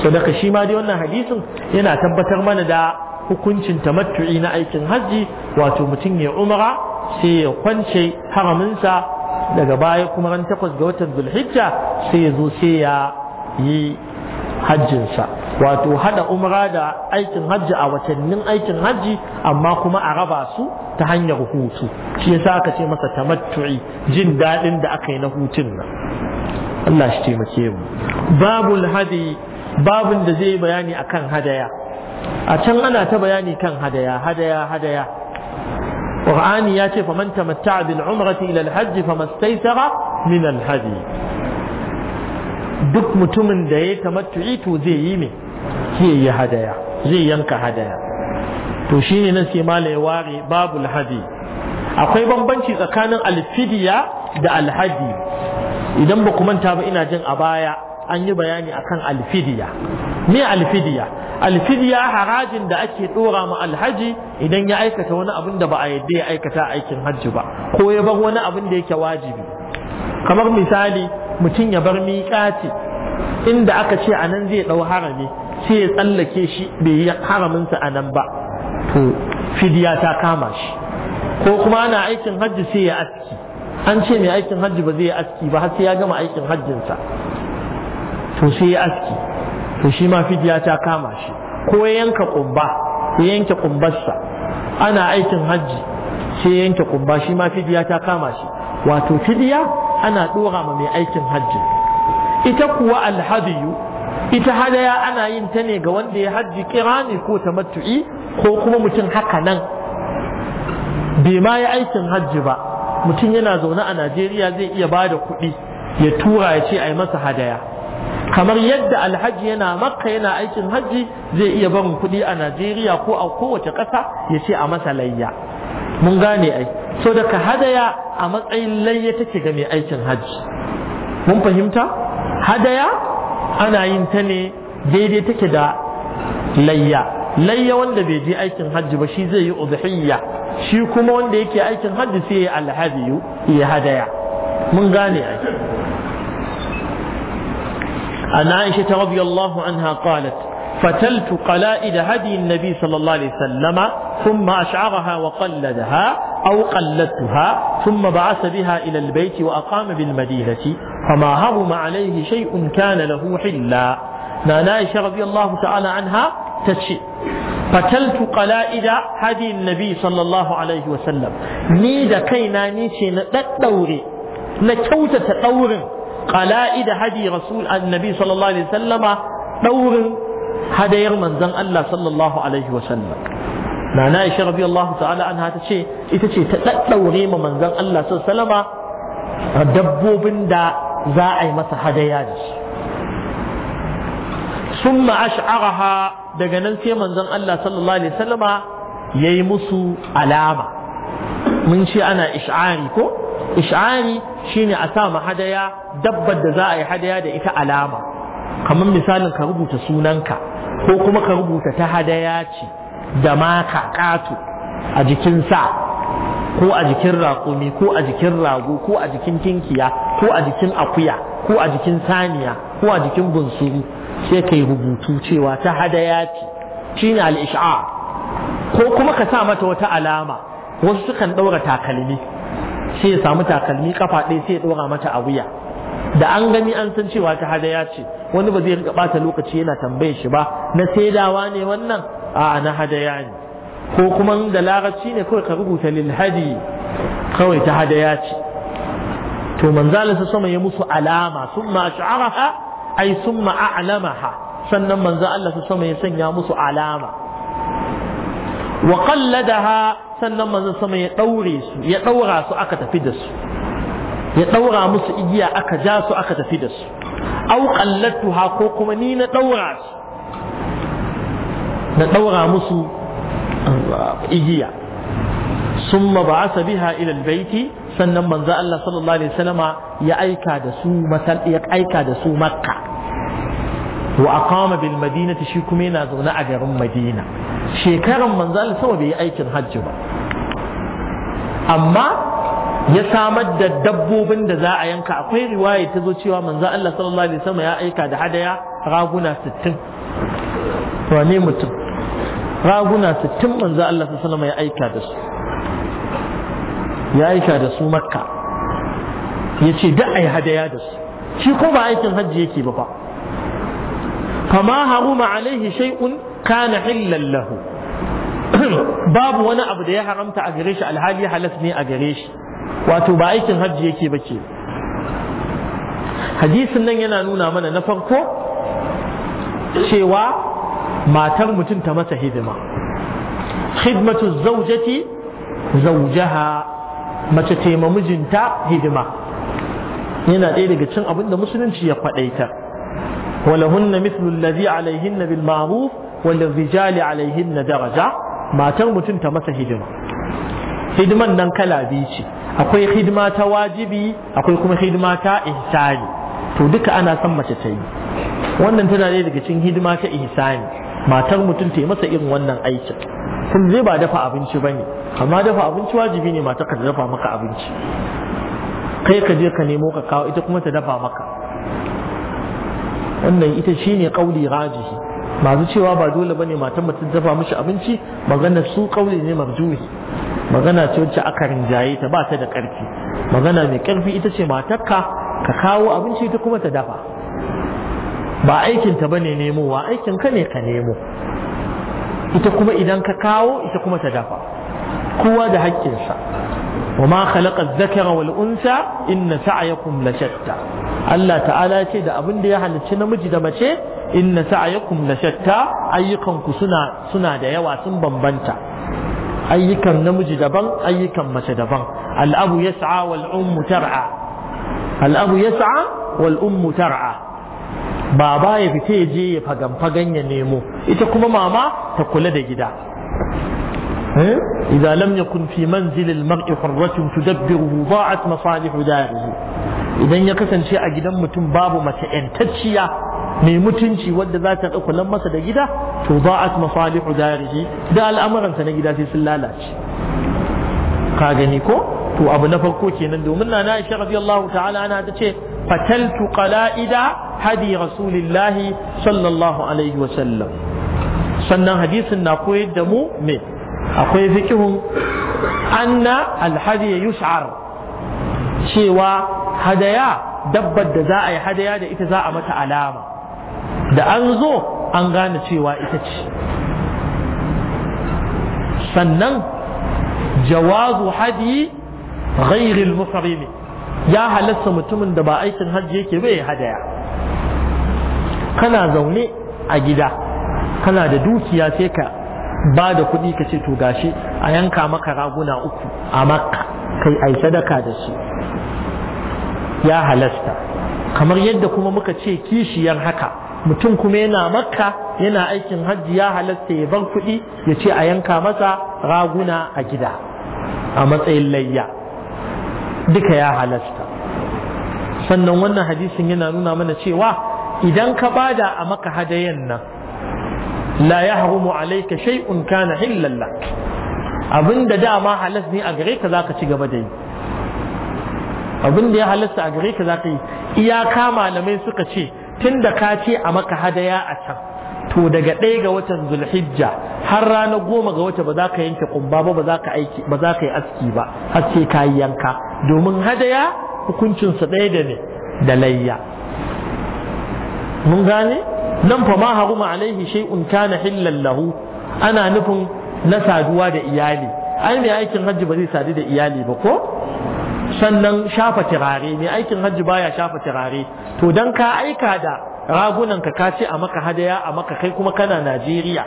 so daga shi ma dai wannan hadisin yana tabbatar mana da hukuncin tamattu'i na aikin hajji wato mutum ya umara sai ya kwance haraminsa daga baya kuma ran takwas ga watan zulhijja sai ya zo sai ya yi hajjinsa wato hada umra da aikin hajji a watannin aikin hajji amma kuma a raba su ta hanyar hutu shi yasa aka ce masa tamattu'i jin daɗin da aka yi na hutun nan Allah shi taimake mu babul hadi babun da zai bayani akan hadaya a can ana ta bayani kan hadaya hadaya hadaya qur'ani ya ce faman tamatta'a bil umrati ila al hajj famastaysara min al hadi duk mutumin da ya tamattu'i to zai yi me zai yi hadaya zai yanka hadaya to shine nan sai malai ware babul hadi akwai bambanci tsakanin alfidiya da Al-hadi. idan ba ku manta ba ina jin a baya an yi bayani akan alfidiya me alfidiya alfidiya harajin da ake dora ma alhaji idan ya aikata wani abin da ba a yadda ya aikata aikin hajji ba ko ya bar wani abin da yake wajibi kamar misali mutum ya bar miƙati inda aka ce a nan zai ɗau harami sai ya tsallake shi bai yi haraminsa a nan ba to fidiya ta kama shi ko kuma ana aikin hajji sai ya aski an ce mai aikin hajji ba zai yi aski ba har sai ya gama aikin hajjinsa to sai ya aski to shi ma fidiya ta kama shi ko ya yanka kumba ya yanke kumbarsa ana aikin hajji sai ya yanke kumba shi ma fidiya ta kama shi wato fidiya ana dora ma mai aikin hajji ita kuwa alhadiyu ita hadaya ana yin ta ne ga wanda ya hajji kira ne ko ta matu'i ko kuma mutum haka nan bai ma yi aikin hajji ba mutum yana zaune a najeriya zai iya ba da kuɗi ya tura ya ce a yi masa hadaya kamar yadda alhaji yana makka yana aikin hajji zai iya barin kuɗi a najeriya ko a kowace ƙasa ya ce a masa layya mun gane ai so daga hadaya a matsayin layya take ga mai aikin hajji mun fahimta hadaya ana yin ta ne daidai take da layya layya wanda bai je aikin hajji ba shi zai yi uzhiyya shi kuma wanda yake aikin hajji sai ya alhadiyu ya hadaya mun gane ai an aisha radiyallahu anha qalat فتلت قلائد هدي النبي صلى الله عليه وسلم ثم أشعرها وقلدها أو قلدتها ثم بعث بها إلى البيت وأقام بالمدينة فما هرم عليه شيء كان له حلا نانا عائشة رضي الله تعالى عنها تشي فتلت قلائد هدي النبي صلى الله عليه وسلم ني دا كينا ني شي ندوري نكوتا تدورين قلائد هدي رسول النبي صلى الله عليه وسلم دورين هدير من زن الله صلى الله عليه وسلم نانا عائشة رضي الله تعالى عنها تشي تشي تدوري ما من زن الله صلى الله عليه وسلم dabbobin da za a yi masa hadaya da su Tun daga nan ثم أشعرها دغنا سي منزل musu alama. Mun ce ana يمس ko, من شي أنا إشعاري كو إشعاري شيني da za a yi hadaya da ita alama. kamar misalin ka rubuta sunanka ko kuma ka rubuta ta hadaya ce da ma kakato a jikin sa ko a jikin raƙumi, ko a jikin rago ko a jikin kinkiya ko a jikin akuya ko a jikin saniya ko a jikin bunsuru sai ka yi rubutu cewa ta hadaya ce shine al-ish'ar ko kuma ka sa mata wata alama wasu sukan ɗaura takalmi sai ya samu takalmi kafa ɗaya sai ya ɗora mata a wuya da an gani an san cewa ta hadaya ce wani ba zai ɓata lokaci yana tambaye shi ba na saidawa ne wannan a na hadaya ne ko kuma da larabci ne kawai ka rubuta lil hadi kawai ta hadaya ce to manzala sama ya musu alama summa ash'araha ay summa a'lamaha sannan manzo Allah sama ya sanya musu alama wa qalladaha sannan manzo sama ya daure su ya daura su aka tafi da su ya daura musu igiya aka ja su aka tafi da su aw qallatuha ko kuma ni na daura su na daura musu igiya summa ba'asa biha ila albayti sannan manzo Allah sallallahu alaihi wasallama ya aika da su masal ya aika da su makka wa aqama bil madinati shi kuma yana zaune a garin madina shekaran manzo Allah bai yi aikin hajji ba amma ya samar da dabbobin da za a yanka akwai riwaya ta zo cewa manzo Allah sallallahu alaihi ya aika da hadaya raguna 60 wane mutum raguna 60 manzo Allah sallallahu alaihi ya aika da su ya aika da su makka ya ce da ai hadaya da su shi ko ba aikin hajji yake ba fa Kama haruma alaihi shay'un kana hillan lahu *clears throat* babu wani abu da ya haramta a gare shi alhali halas ne a gare shi wato ba aikin hajji yake ba ke hadisin nan yana nuna mana na farko cewa matar mutum ta masa hidima khidmatu zaujati zaujaha mace taima mijinta hidima yana ɗaya daga cin abin da musulunci ya kwaɗaita walahunna mithlu alladhi alaihinna bil ma'ruf wal rijali alaihinna daraja matar mutum ta masa hidima hidiman nan kala biyu ce akwai hidima ta wajibi akwai kuma hidima ta ihsani to duka ana son mace ta yi wannan tana ɗaya daga cikin hidima ta ihsani matar mutum ta yi masa irin wannan aikin kun zai ba dafa abinci ba ne amma dafa abinci wajibi ne mata ka dafa maka abinci kai ka je ka nemo ka kawo ita kuma ta dafa maka wannan ita shine kauli rajihi masu cewa ba dole ba ne matan mutum dafa mashi abinci magana su kauli ne marjuhi magana ce wacce aka rinjaye ta ba ta da karfi magana mai karfi ita ce matarka ka kawo abinci ita kuma ta dafa ba aikin ta ne nemowa aikin ka ne ka nemo ita kuma idan ka kawo ita kuma ta dafa kowa da haƙƙinsa wa ma khalaqa dhakara wal unsa inna sa'yakum la shatta Allah ta'ala ce da abin da ya halicci namiji da mace inna sa'yakum la shatta ayyukanku suna suna da yawa sun bambanta ayyukan namiji daban ayyukan mace daban al'abu yas'a wal ummu tar'a al'abu yas'a wal ummu tar'a baba ya fita ya je ya fagan fagan ya nemo ita kuma mama ta kula da gida إذا لم يكن في منزل المرء حرة تدبره ضاعت مصالح داره إذا يكسن شيء أجدا متن باب متى تتشيا mai mutunci wadda za ta ɗaukulan masa da gida to ba'at masalihu darihi da al'amuransa na gida sai sun lalace ka gani ko to abu na farko kenan domin na na Aisha radiyallahu ta'ala ana ta ce fataltu qala'ida hadi rasulillahi sallallahu alaihi wa sallam sannan hadisin na koyar da mu me akwai fikihun anna alhadi yush'ar cewa hadaya dabbar da za a yi hadaya da ita za a mata alama da an zo an gane cewa ita ce sannan jawazu hadi ghairil muhrimi ya halasta mutumin da ba aikin hajji yake bai hadaya kana zaune a gida kana da dukiya sai ka ba da kuɗi ka ce to gashi a yanka maka raguna uku a makka kai ai sadaka da su ya halasta kamar yadda kuma muka ce kishiyar haka mutum kuma yana makka yana aikin hajji ya halasta ya bar kuɗi ya ce a yanka masa raguna a gida a matsayin layya duka ya halasta sannan wannan hadisin yana nuna mana cewa idan ka bada a maka hadayen nan la ya haramu alaika shay'un kana hillan Abin da dama halas ne a gare ka zaka ci gaba da yi abinda ya halasta a gare ka zaka yi iyaka malamai suka ce tunda ka ce a maka hadaya a can to daga ɗaya ga watan zulhijja har rana goma ga wata ba za ka yanke kumba ba ba za ka yi aski ba har sai ka yi yanka domin hadaya hukuncinsa ɗaya da ne da layya mun gane nan fa ma haruma alaihi shay'un na hillan lahu ana nufin na saduwa da iyali ai mai aikin hajji ba zai sadu da iyali ba ko sannan shafa turare. mai aikin hajji baya shafa turare. to dan ka aika da ragunan ka ka ce a maka hadaya a maka kai kuma kana Najeriya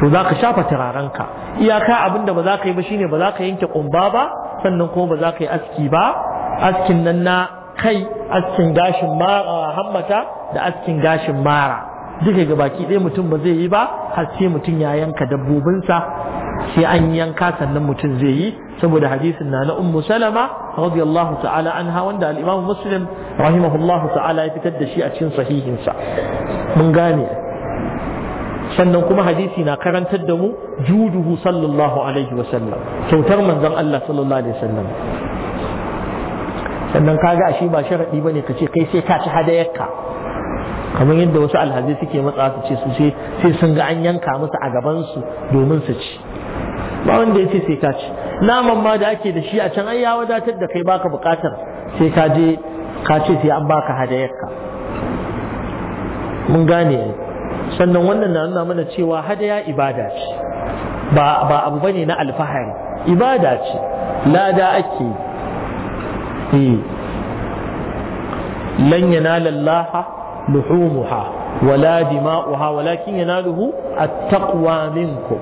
to za ka shafa turaren ka iyaka abin da ba za ka yi ba shine ba za ka yanke ƙumba ba sannan kuma ba za ka yi aski ba askin nan na kai askin gashin mara hammata da askin gashin mara duka ga baki ɗaya mutum ba zai yi ba har sai mutum ya yanka dabbobinsa sai an yanka sannan mutum zai yi saboda hadisin na na ummu salama radiyallahu ta'ala anha wanda al-imamu muslim rahimahullahu ta'ala ya fitar da shi a cikin sahihinsa mun gane sannan kuma hadisi na karantar da mu juduhu sallallahu alaihi wa sallam kyautar manzon Allah sallallahu alaihi wa sallam sannan kaga ashe ba sharadi bane kace kai sai ka ci hadayarka kamar yadda wasu alhazi suke matsa su ce sai sun ga an yanka musu a gaban su domin su ci ba wanda ya ce sai ka ci naman ma da ake da shi a can ai ya wadatar da kai baka bukatar sai ka je ka ce sai an baka hadayarka mun gane sannan wannan na nuna mana cewa hadaya ibada ce ba ba abu bane na alfahari ibada ce lada ake yi eh. lan yanala luhumuha wala dima'uha walakin yanaluhu at-taqwa minkum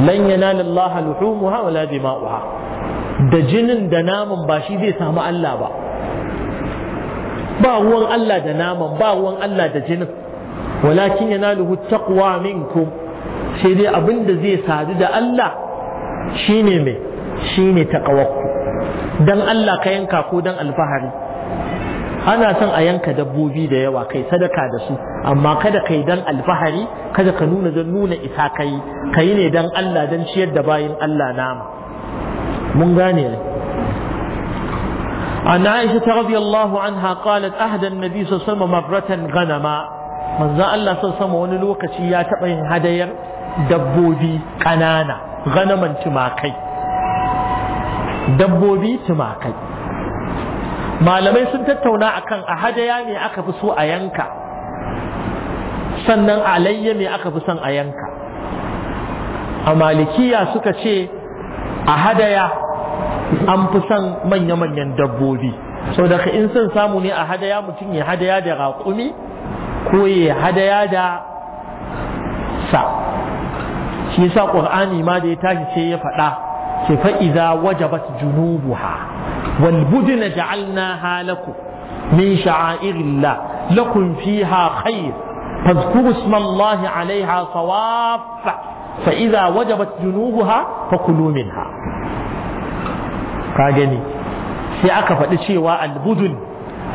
lan yanala Allah luhumuha wala dima'uha da jinin da naman ba shi zai samu Allah ba ba ruwan Allah da naman ba ruwan Allah da jinin walakin yanaluhu taqwa minkum sai dai abin da zai sadu da Allah shine me shine taqawakku dan Allah ka yanka ko dan alfahari ana son a yanka dabbobi da yawa kai sadaka da su amma kada kai dan alfahari kada ka nuna don nuna isa kai kai ne dan Allah dan ciyar da bayin Allah nama mun gane ne عن عائشة رضي الله عنها قالت أهدى النبي صلى الله عليه وسلم مرة غنما من ذا الله صلى الله عليه وسلم ونلوك شيا تبين هدير دبودي قنانا غنما تماكي دبودي تماكي malamai sun tattauna akan a hadaya ne aka fi so a yanka sannan alayya ne aka fi son a yanka a malikiya suka ce a hadaya an fi son manya-manyan dabbobi sau daga in sun samu ne a hadaya mutum ya hadaya da raƙumi ko ya hadaya da sa shi yasa ƙur'ani ma da ya tashi ce ya faɗa ke fa'iza wajabat ha wal budna ja'alnaha lakum min sha'airillah lakum fiha khair fadhkuru isma Allah 'alayha sawaffa fa idza wajabat junubuha fakulu minha ka gani sai aka faɗi cewa al budun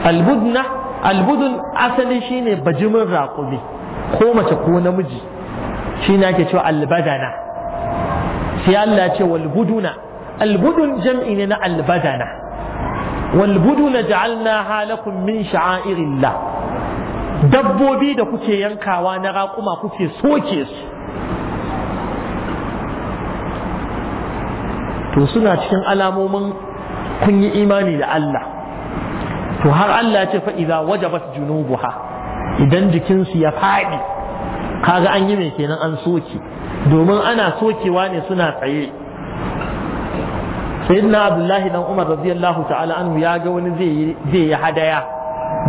al budna al budun asali shine bajimin raƙumi ko mace ko namiji shine ake cewa al badana sai Allah ce wal buduna albudun jam'i ne na albadana walbuduna ja'alnaha lakum min la, dabbobi da kuke yankawa na raƙuma kuke soke su to suna cikin alamomin kunyi imani da Allah to har Allah ce fa idza wajabat junubuha idan su ya faɗi kaga an yi mai kenan an soke domin ana sokewa ne suna tsaye sayyidina abdullahi dan umar radiyallahu ta'ala anhu ya ga wani zai zai yi hadaya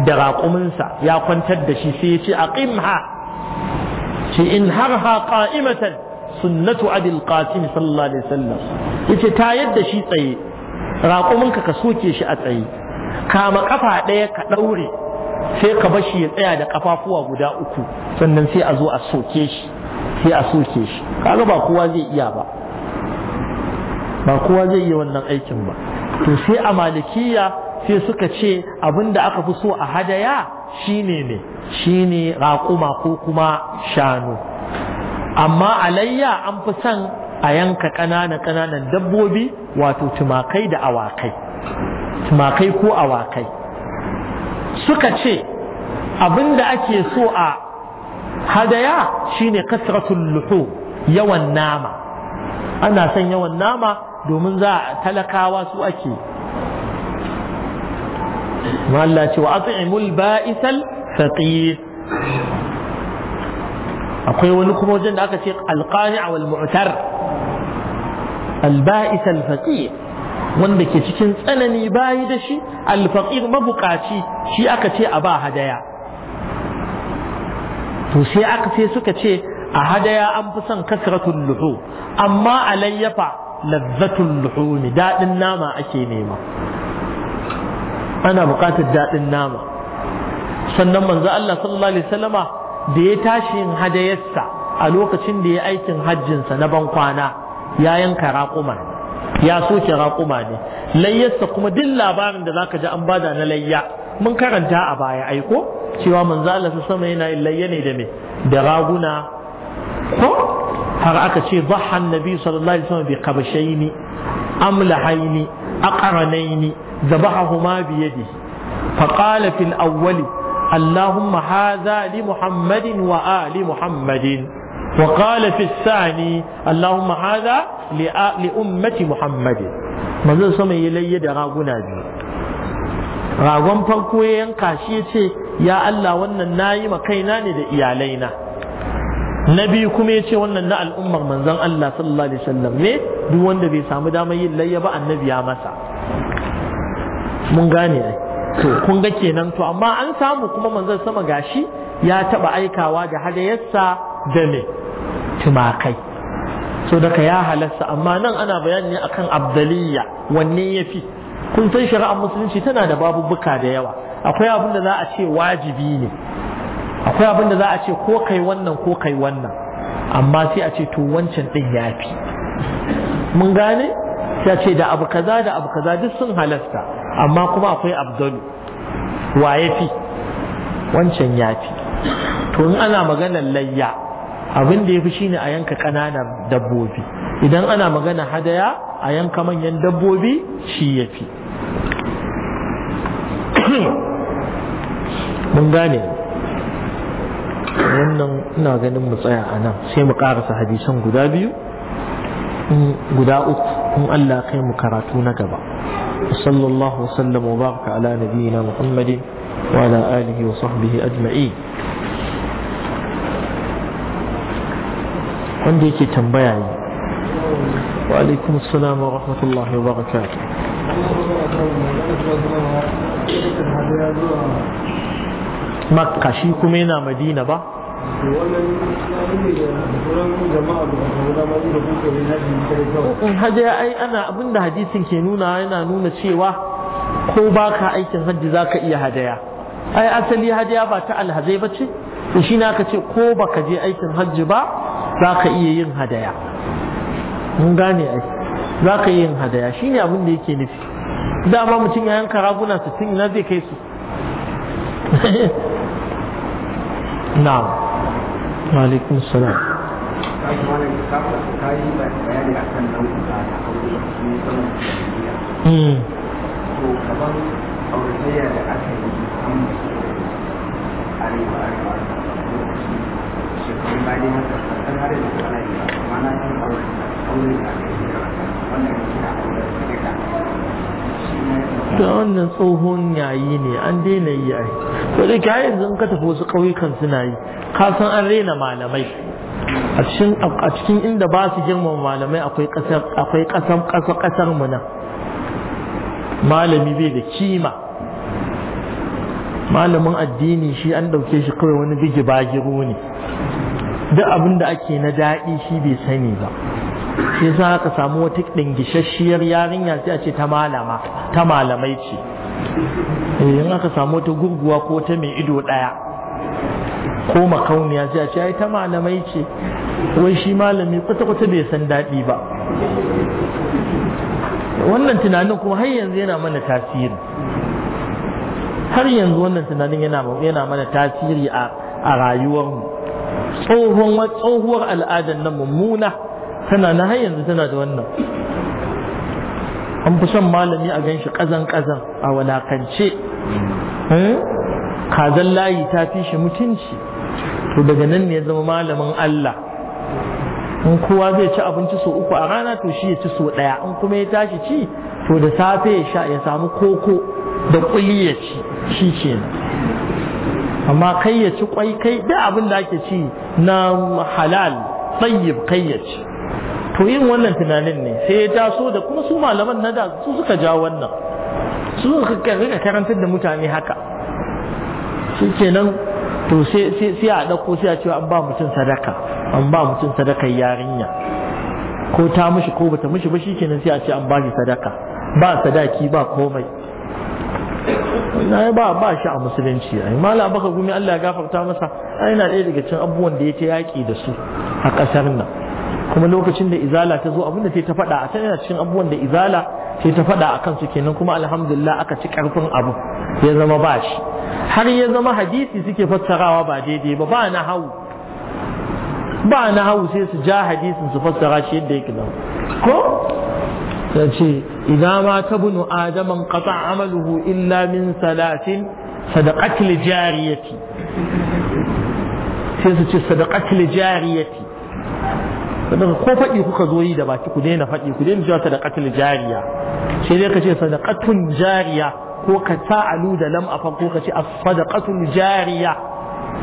da raƙuminsa ya kwantar da shi sai ya a aqimha ce in har qa'imatan sunnatu abil qasim sallallahu alaihi wasallam yace ta yadda shi tsaye raƙuminka ka soke shi a tsaye kama kafa ɗaya ka ɗaure sai ka bashi ya tsaya da kafafuwa guda uku sannan sai a zo a soke shi sai a soke shi kaga ba kowa zai iya ba ba kowa zai yi wannan aikin ba to sai a malikiya sai suka ce abinda aka fi so a hadaya shine ne shine raƙuma ko kuma shanu amma alayya an fi son a yanka ƙananan ƙananan dabbobi wato tumakai da awakai tumakai ko awakai suka ce abinda ake so a hadaya shine kasratul luhu yawan nama ana son yawan nama domin za a talakawa su ake Allah ce wa at'imul ba'isal faqir akwai wani kuma wajen da aka ce alqani'a wal mu'tar Alba'isal ba'isal faqir wanda ke cikin tsanani bayi da shi al faqir mabukaci shi aka ce a ba hadaya to sai aka ce suka ce a hadaya an fi son kasratul luhu amma alayyafa lazzatul luhumi daɗin nama ake nema ana buƙatar daɗin nama sannan manzo Allah sallallahu alaihi wasallama da ya tashi yin hadayarsa a lokacin da ya aikin hajjinsa na ban kwana ya yanka raƙuma ya soke raƙuma ne layyarsa kuma duk labarin da zaka ji an bada na layya mun karanta a baya aiko cewa manzo Allah wasallama yana layya ne da me da raguna ko har aka ce dhahan nabi sallallahu alaihi wasallam bi qabshaini amlahaini aqranaini dhabahahuma bi yadihi فقال في الأول اللهم هذا لمحمد وآل محمد وقال في الثاني اللهم هذا لأمة محمد من ذا سمع يلي راغونا بي ragon farko ya yanka shi ya ce ya Allah wannan nayi kaina ne da iyalaina na biyu kuma ya ce wannan na al'ummar manzon Allah sallallahu alaihi wasallam ne duk wanda bai samu damar yin layya ba annabi ya masa mun gane ne. to kun ga kenan to amma an samu kuma manzon sama gashi ya taba aikawa da hadayarsa da me tumakai to daga ya halasta amma nan ana bayani akan abdaliya wanne yafi kun san shari'ar musulunci tana da babubuka da yawa akwai abin da za a ce wajibi ne akwai abin da za a ce ko kai wannan ko kai wannan amma sai a ce to wancan ɗin ya fi mun gane sai a ce da abu kaza da abu kaza duk sun halasta amma kuma akwai Abdul wa ya fi wancan ya fi to in ana maganar layya abin da ya fi shine a yanka ƙananan dabbobi idan ana magana hadaya a yanka manyan dabbobi shi ya fi *coughs* mun gane wannan ina ganin mu tsaya a nan sai mu karasa hadisan guda biyu guda uku in Allah kai mu karatu na gaba صلى الله وسلم وبارك على wa ala alihi wa وصحبه ajma'i wanda yake tambaya ne wa alaikum assalam wa rahmatullahi wa barakatuh makka shi kuma yana madina ba ai ana abinda hadisin ke nuna yana nuna cewa ko baka aikin hajji zaka iya hadaya ai asali hadaya ba ta alhazai ba ce shi na ka ce ko baka je aikin hajji ba zaka iya yin hadaya mun gane ai zaka iya yin hadaya shine abin da yake nufi dama mutum ya yanka raguna 60 na zai kai su na'am wa alaikum salam Mm. To, kaban da aka yi musamman arewa arewa shekarun bayan haka kasar har da kuma lafiya amma na da aure da wannan tsohon yayi ne an daina yi ai to da kai yanzu in ka tafi wasu ƙauyukan suna yi ka san an rena malamai a cikin a cikin inda ba su girmama malamai akwai kasar akwai kasar mu nan malami bai da kima malamin addini shi an dauke shi kawai wani bigi bagiro ne duk abin da ake na daɗi shi bai sani ba shi yasa aka samu wata dingishashiyar yarinya sai a ce ta malama ta malamai ce eh, in aka samu wata gurguwa ko ta mai ido daya ko makauniya sai a ce ai ta malamai ce wai shi malami kwata-kwata bai san daɗi ba wannan tunanin kuma har yanzu yana mana tasiri har yanzu wannan tunanin yana mana tasiri a rayuwarmu tsohuwar al'adar nan mummuna tana na har yanzu tana da wannan an fi son malami a gan shi ƙazan-ƙazan a walakance eh? kazan layi ta fi shi mutunci to daga nan ne ya zama malamin Allah in kowa zai ci abinci so uku a rana to shi ya ci so ɗaya in kuma ya tashi ci to da safe ya sha ya samu koko da ƙuli ya ci shi ke amma kai ya ci kwai kai da abin da ake ci na halal tsayyib kai ya ci to yin wannan tunanin ne sai ya taso da kuma su malaman na da su suka ja wannan su suka rika karantar da mutane haka su nan to sai a ɗauko sai a cewa an ba mutum sadaka an ba mutum sadaka yarinya ko ta mishi ko bata mishi ba shikenan sai a ce an ba shi sadaka ba sadaki ba komai na ba ba shi a musulunci ai malam baka gumi Allah ya gafarta masa ai na ɗaya daga cikin abubuwan da yake yaƙi da su a ƙasar nan kuma lokacin da izala ta zo abinda ta ta faɗa a tana cikin abubuwan da izala sai ta faɗa a kansu kenan kuma alhamdulillah aka ci karfin abu ya zama ba shi har ya zama hadisi suke fassarawa ba daidai ba ba na hau ba na hau sai su ja hadisin su fassara shi yadda yake nan ko ya ce idan ma ta bunu adaman qata amaluhu illa min salatin sadaqat jariyati sai su ce sadaqat jariyati sannan ko faɗi kuka zo yi da baki ku daina faɗi ku daina cewa sadaqatul jariya sai dai ka ce sadaqatun jariya ko ka ta alu da lam afa ko ka ce as-sadaqatul jariya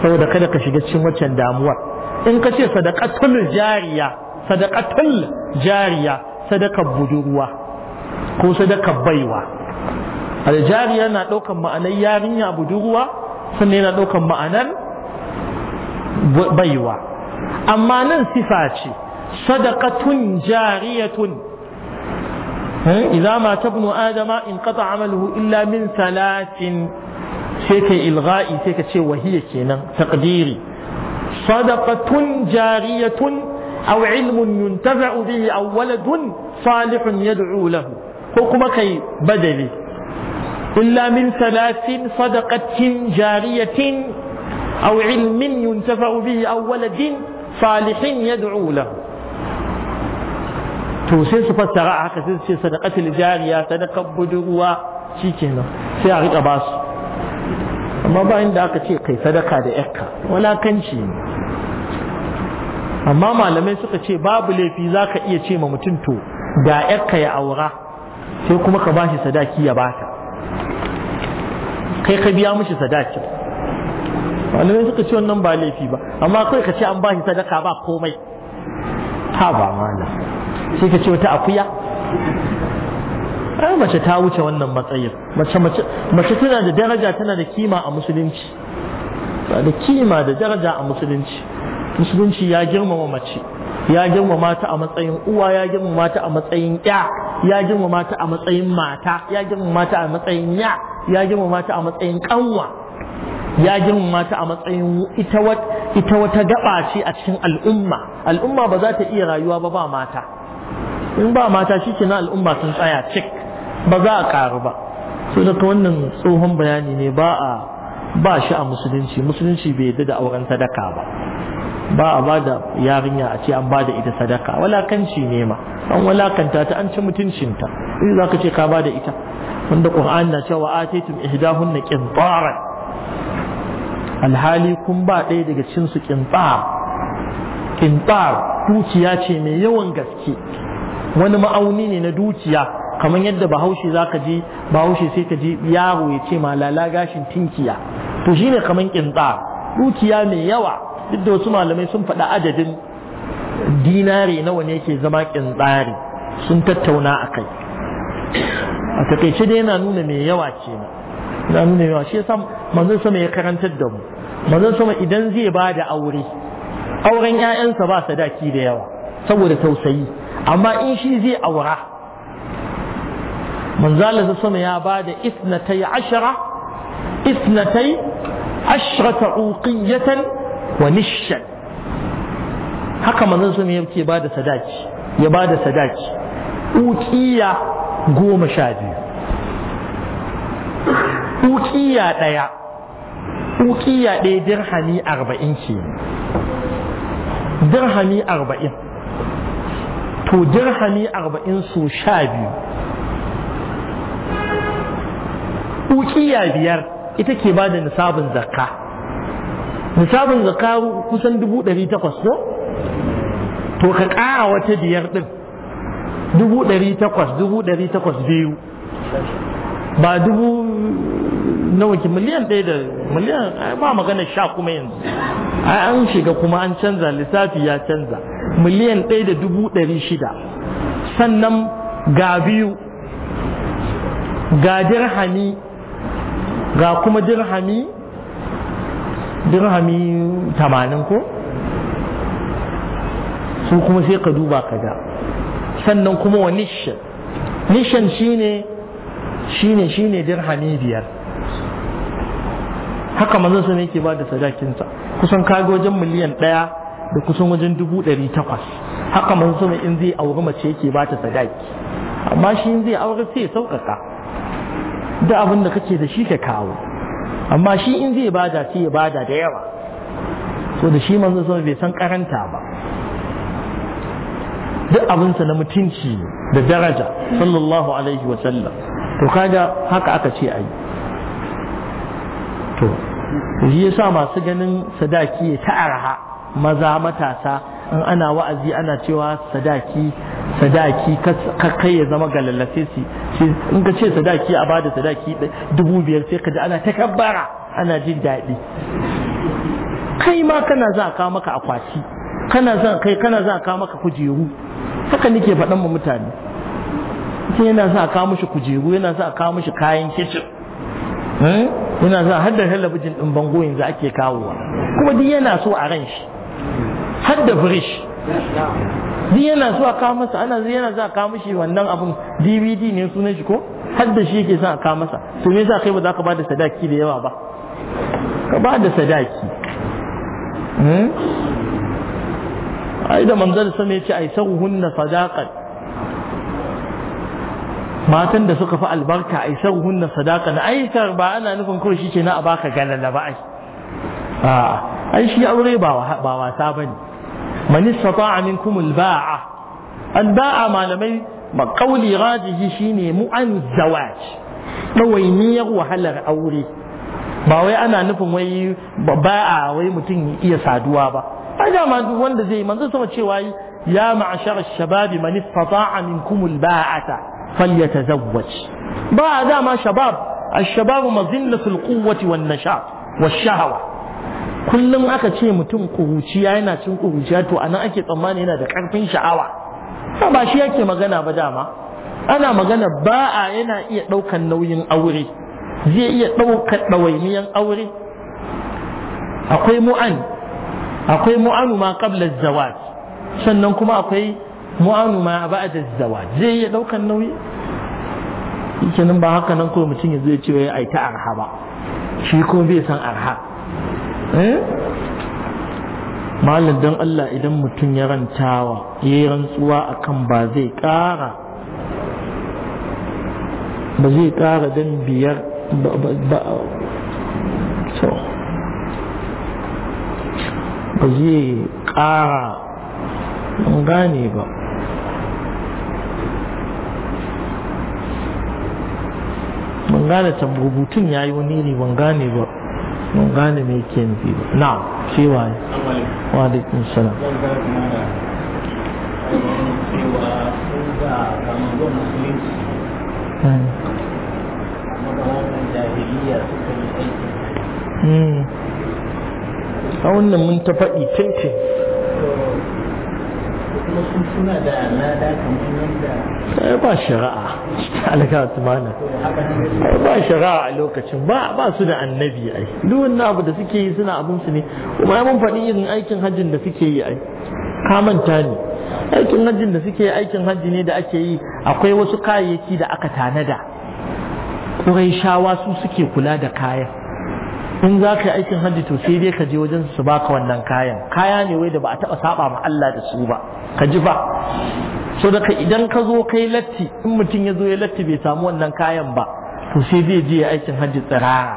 saboda kada ka shiga cikin waccan damuwar in ka ce sadaqatul jariya sadaqatul jariya sadakar budurwa ko sadakar baiwa aljariya na ɗaukar ma'anar yarinya budurwa sannan yana ɗaukar ma'anar baiwa amma nan sifa ce صدقة جارية إذا مات ابن آدم انقطع عمله إلا من ثلاث سيك إلغائي سيك شيء وهي كينا تقديري صدقة جارية أو علم ينتفع به أو ولد صالح يدعو له حكم كي بدلي إلا من ثلاث صدقة جارية أو علم ينتفع به أو ولد صالح يدعو له to sai su fassara a haka sai su ce sadaqatul jariya sadaqar budurwa shikenan sai a rika ba su amma bayan da aka ce kai sadaka da yakka walakanci ne amma malamai suka ce babu laifi zaka iya ce ma mutum to da yakka ya aura sai kuma ka bashi sadaki ya bata kai ka biya mishi sadaki malamai suka ce wannan ba laifi ba amma kai ka ce an bashi sadaka ba komai ta ba malamai sai ka ce wata akuya ai mace ta wuce wannan matsayin mace mace mace tana da daraja tana da kima a musulunci da kima da daraja a musulunci musulunci ya girmama mace ya girmama ta a matsayin uwa ya girmama ta a matsayin ya ya girmama ta a matsayin mata ya girmama ta a matsayin ya ya girmama ta a matsayin kanwa ya girmama ta a matsayin ita wata gaba ce a cikin al'umma al'umma ba za ta iya rayuwa ba ba mata in ba mata shi na al'umma sun tsaya cik ba za a ƙaru ba so daga wannan tsohon bayani ne ba a ba shi a musulunci musulunci bai yadda da auren sadaka ba ba a ba da yarinya a ce an ba da ita sadaka walakanci ne ma an walakanta ta an ci mutuncinta in za ka ce ka ba da ita wanda ƙur'ani na cewa ataitum ihdahunna qintaran alhali kun ba ɗaya daga cinsu qintar qintar dukiya ce mai yawan gaske wani ma'auni ne na dukiya kamar yadda bahaushe za ka ji bahaushe sai ka ji yaro ya ce malala gashin tinkiya to shi ne kamar kinta dukiya mai yawa duk da wasu malamai sun faɗa adadin dinare nawa ne yake zama kintsari sun tattauna a kai a takaice dai yana nuna mai yawa ce yana nuna mai yawa shi yasa manzon sama ya karantar da mu manzon sama idan zai ba da aure auren 'ya'yansa ba sadaki da yawa saboda tausayi amma in shi zai aura manzala ta sama ya ba da isnatai ashara isnatai ashrata uqiyatan wa nishan haka manzon sama yake ba da sadaki ya ba da sadaki uqiya goma sha biyu uqiya ɗaya uqiya ɗaya dirhami arba'in ke dirhami arba'in to dirhami arba'in su sha biyu ukiya biyar ita ke ba da nisabin zakka nisabin zakka kusan dubu ɗari takwas ko to ka ƙara wata biyar ɗin dubu ɗari takwas dubu ɗari takwas biyu ba dubu nawa ki miliyan ɗaya da miliyan ba magana sha kuma yanzu an shiga kuma an canza lissafi ya canza miliyan ɗaya da dubu ɗari shida sannan ga biyu ga dirhami ga kuma dirhami dirhami tamanin ko su kuma sai ka duba ka ga sannan kuma wa nishan nishan shine shine shine dirhami biyar haka manzon sa yake ba da sadakinsa kusan kaga wajen miliyan ɗaya da kusan wajen dubu ɗari takwas haka manzo suna in zai auri mace yake ba ta sadaki amma shi in zai aure sai sauƙaƙa da abin da kake da shi ka kawo amma shi in zai bada sai ya bada da yawa so da shi manzo sama bai san karanta ba duk abinsa na mutunci da daraja sallallahu alaihi wa sallam to kaga haka aka ce ai to shi yasa masu ganin sadaki ya ta arha maza matasa in ana wa'azi ana cewa sadaki sadaki kai ya zama ga lallace shi in ka ce sadaki a bada sadaki dubu biyar sai ka ji ana ta kabbara ana jin daɗi kai ma kana za a kawo maka akwati kana za kai kana za a kawo maka kujeru haka nake faɗan ma mutane sai yana za a kawo mishi kujeru yana za a kawo mishi kayan kicin eh? yana za a haddar halabijin ɗin bango yanzu ake kawowa kuma duk yana so a ran shi har da birish duk yana zuwa kawo masa ana zai yana za kawo mishi wannan abun dvd ne sunan shi ko har da shi yake son a kawo masa to me yasa kai ba za ka ba da sadaki da yawa ba ka ba da sadaki hmm? ai da manzal sama ya ce ai sauhunna sadaqan matan da suka fi albarka ai sauhunna sadaqan ai ba ana nufin kawai shi ke na a baka galala ba ai a ai shi aure ba wasa bane man istata'a minkum al-ba'a al-ba'a malamai ba kauli rajihi shine mu an zawaj dawainiyar wahalar aure ba wai ana nufin wai ba'a wai mutum iya saduwa ba ai dama duk wanda zai manzo sama cewa ya ma'ashar shababi man istata'a minkum al-ba'ata falyatazawwaj ba'a dama shabab الشباب مظلة القوة والنشاط والشهوة kullum aka ce mutum kuruciya yana cin kuruciya to anan ake tsammani yana da karfin sha'awa ba shi yake magana ba dama ana magana ba a yana iya ɗaukan nauyin aure zai iya ɗaukar ɗawainiyan aure akwai mu'an akwai mu'anu ma qabla zawaj sannan kuma akwai mu'anu ma ba'da zawaj zai iya ɗaukan nauyi kenan ba haka nan ko mutum ya zai ce wai ai ta arha ba shi kuma bai san arha Eh? malam don Allah idan mutum ya rantawa ya yi rantsuwa akan ba zai ƙara ba zai ƙara don biyar ba zai ƙara gane ba ban gane rubutun ya yi wani ne ban gane ba mun gane me yake nufi ba na cewa wa alaikum salam hmm. a wannan mun ta faɗi tintin Eh, ba shari'a *laughs* alaka tumana eh, ba shari'a a lokacin ba su da annabi ai duk na abu da suke yi suna abin su ne kuma mun faɗi irin aikin hajjin da suke yi ai ka manta ne aikin hajjin da suke aikin hajji ne da ake yi akwai wasu kayayyaki da aka tanada Kurai shawa su suke kula da kayan in za ka yi aikin hajji to sai dai ka je wajen su baka wannan kayan kaya ne wai da ba a taɓa saba ma Allah da su ba ka ji ba so daga idan ka zo kai latti in mutum ya zo ya latti bai samu wannan kayan ba to sai zai je aikin hajji tsirara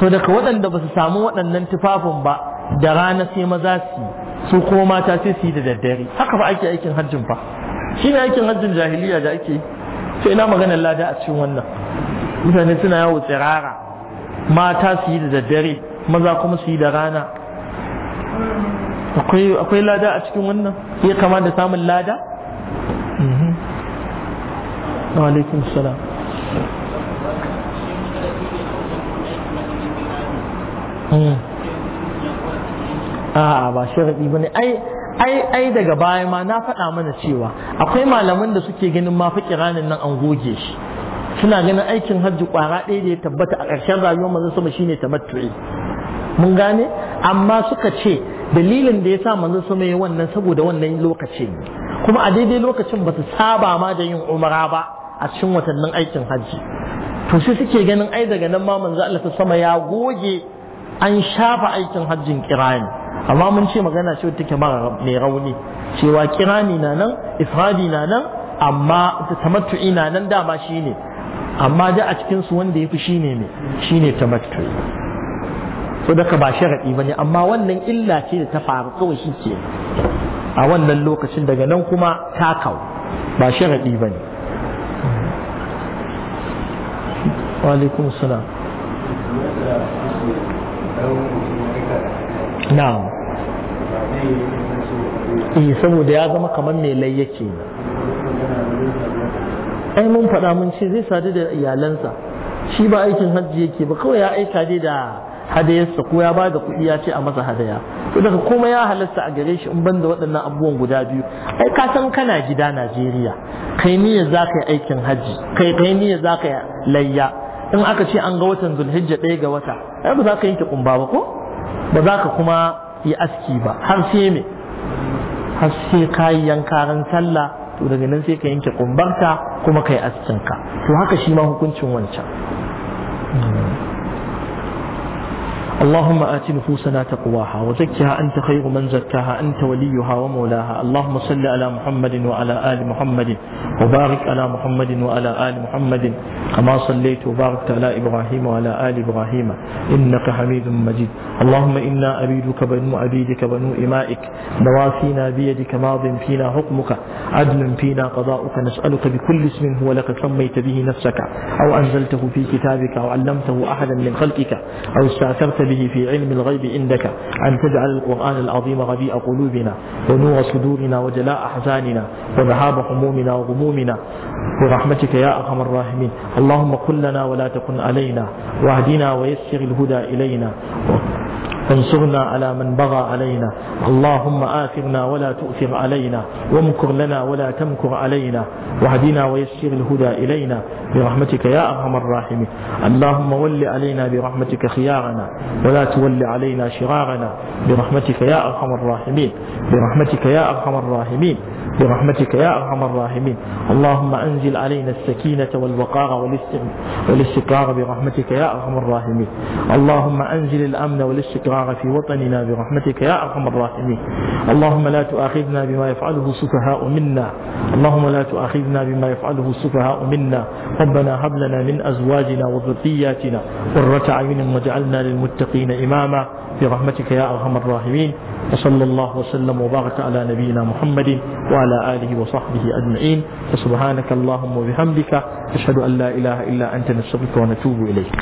so daga waɗanda ba su samu waɗannan tufafin ba da rana sai maza su su kuma mata sai su yi da daddare haka ba ake aikin hajjin fa shi ne aikin hajjin jahiliya da ake sai ina maganar lada a cikin wannan mutane suna yawo tsirara mata su yi da daddare maza kuma su yi da rana akwai lada a cikin wannan ya kama da samun lada? Mhm. alaikun salam hmm. a ba sharaɗi ba ne ai daga baya ma na faɗa mana cewa akwai malaman da suke ganin mafi fi kiranin nan an goge shi suna ganin aikin hajji kwara ɗaya da ya tabbata a ƙarshen rayuwar manzon sama shine ta tamattu'i mun gane amma suka ce dalilin da ya sa manzon sama ya wannan saboda wannan lokacin kuma a daidai lokacin ba su saba ma da yin umara ba a cikin watannin aikin hajji to sai suke ganin ai daga nan ma manzon Allah sama ya goge an shafa aikin hajjin kirani amma mun ce magana ce take mai rauni cewa kirani na nan ifradi na nan amma tamattu'i na nan dama shine amma da a cikin su wanda yafi shine ne shine tamattu so daga ba sharadi bane amma wannan illa ce da ta faru kawai shi ke a wannan lokacin daga nan kuma ta kawo ba sharadi bane wa alaikum salam na'am eh saboda ya zama kamar mai layyake ne ai mun faɗa mun ce zai sadu da iyalansa shi ba aikin hajji yake ba kawai ya aika dai da hadayarsa ko ya ba da kuɗi ya ce a masa hadaya to daga kuma ya halasta a gare shi in ban da waɗannan abubuwan guda biyu ai ka san kana gida Najeriya kai niyyar za ka yi aikin hajji kai kai niyyar za ka yi layya in aka ce an ga watan zulhijja ɗaya ga wata ai ba za ka yanke kumba ba ko ba za ka kuma yi aski ba har sai me har sai kayan karan sallah to daga nan sai ka yanke kumbarta kuma kai askinka to haka shi ma hukuncin wancan اللهم آت نفوسنا تقواها وزكها أنت خير من زكاها أنت وليها ومولاها اللهم صل على محمد وعلى آل محمد وبارك على محمد وعلى آل محمد كما صليت وباركت على إبراهيم وعلى آل إبراهيم إنك حميد مجيد اللهم إنا أبيدك بنو أبيدك بنو إمائك نوافينا بيدك ماض فينا حكمك عدل فينا قضاؤك نسألك بكل اسم هو لك سميت به نفسك أو أنزلته في كتابك أو علمته أحدا من خلقك أو استأثرت به في علم الغيب عندك أن تجعل القرآن العظيم ربيع قلوبنا ونور صدورنا وجلاء أحزاننا وذهاب همومنا وغمومنا برحمتك يا أرحم الراحمين اللهم قل لنا ولا تكن علينا واهدنا ويسر الهدى إلينا وانصرنا على من بغى علينا اللهم آثرنا ولا تؤثر علينا وامكر لنا ولا تمكر علينا واهدنا ويسر الهدى إلينا برحمتك يا أرحم الراحمين اللهم ول علينا برحمتك خيارنا ولا تول علينا شرارنا برحمتك يا أرحم الراحمين برحمتك يا أرحم الراحمين برحمتك يا أرحم الراحمين اللهم أنزل علينا السكينة والوقار والاستقرار برحمتك يا أرحم الراحمين اللهم أنزل الأمن والاستقرار والاستقرار في وطننا برحمتك يا أرحم الراحمين اللهم لا تؤاخذنا بما يفعله السفهاء منا اللهم لا تؤاخذنا بما يفعله السفهاء منا ربنا هب لنا من أزواجنا وذرياتنا قرة أعين واجعلنا للمتقين إماما برحمتك يا أرحم الراحمين وصلى الله وسلم وبارك على نبينا محمد وعلى آله وصحبه أجمعين وسبحانك اللهم وبحمدك أشهد أن لا إله إلا أنت نستغفرك ونتوب إليك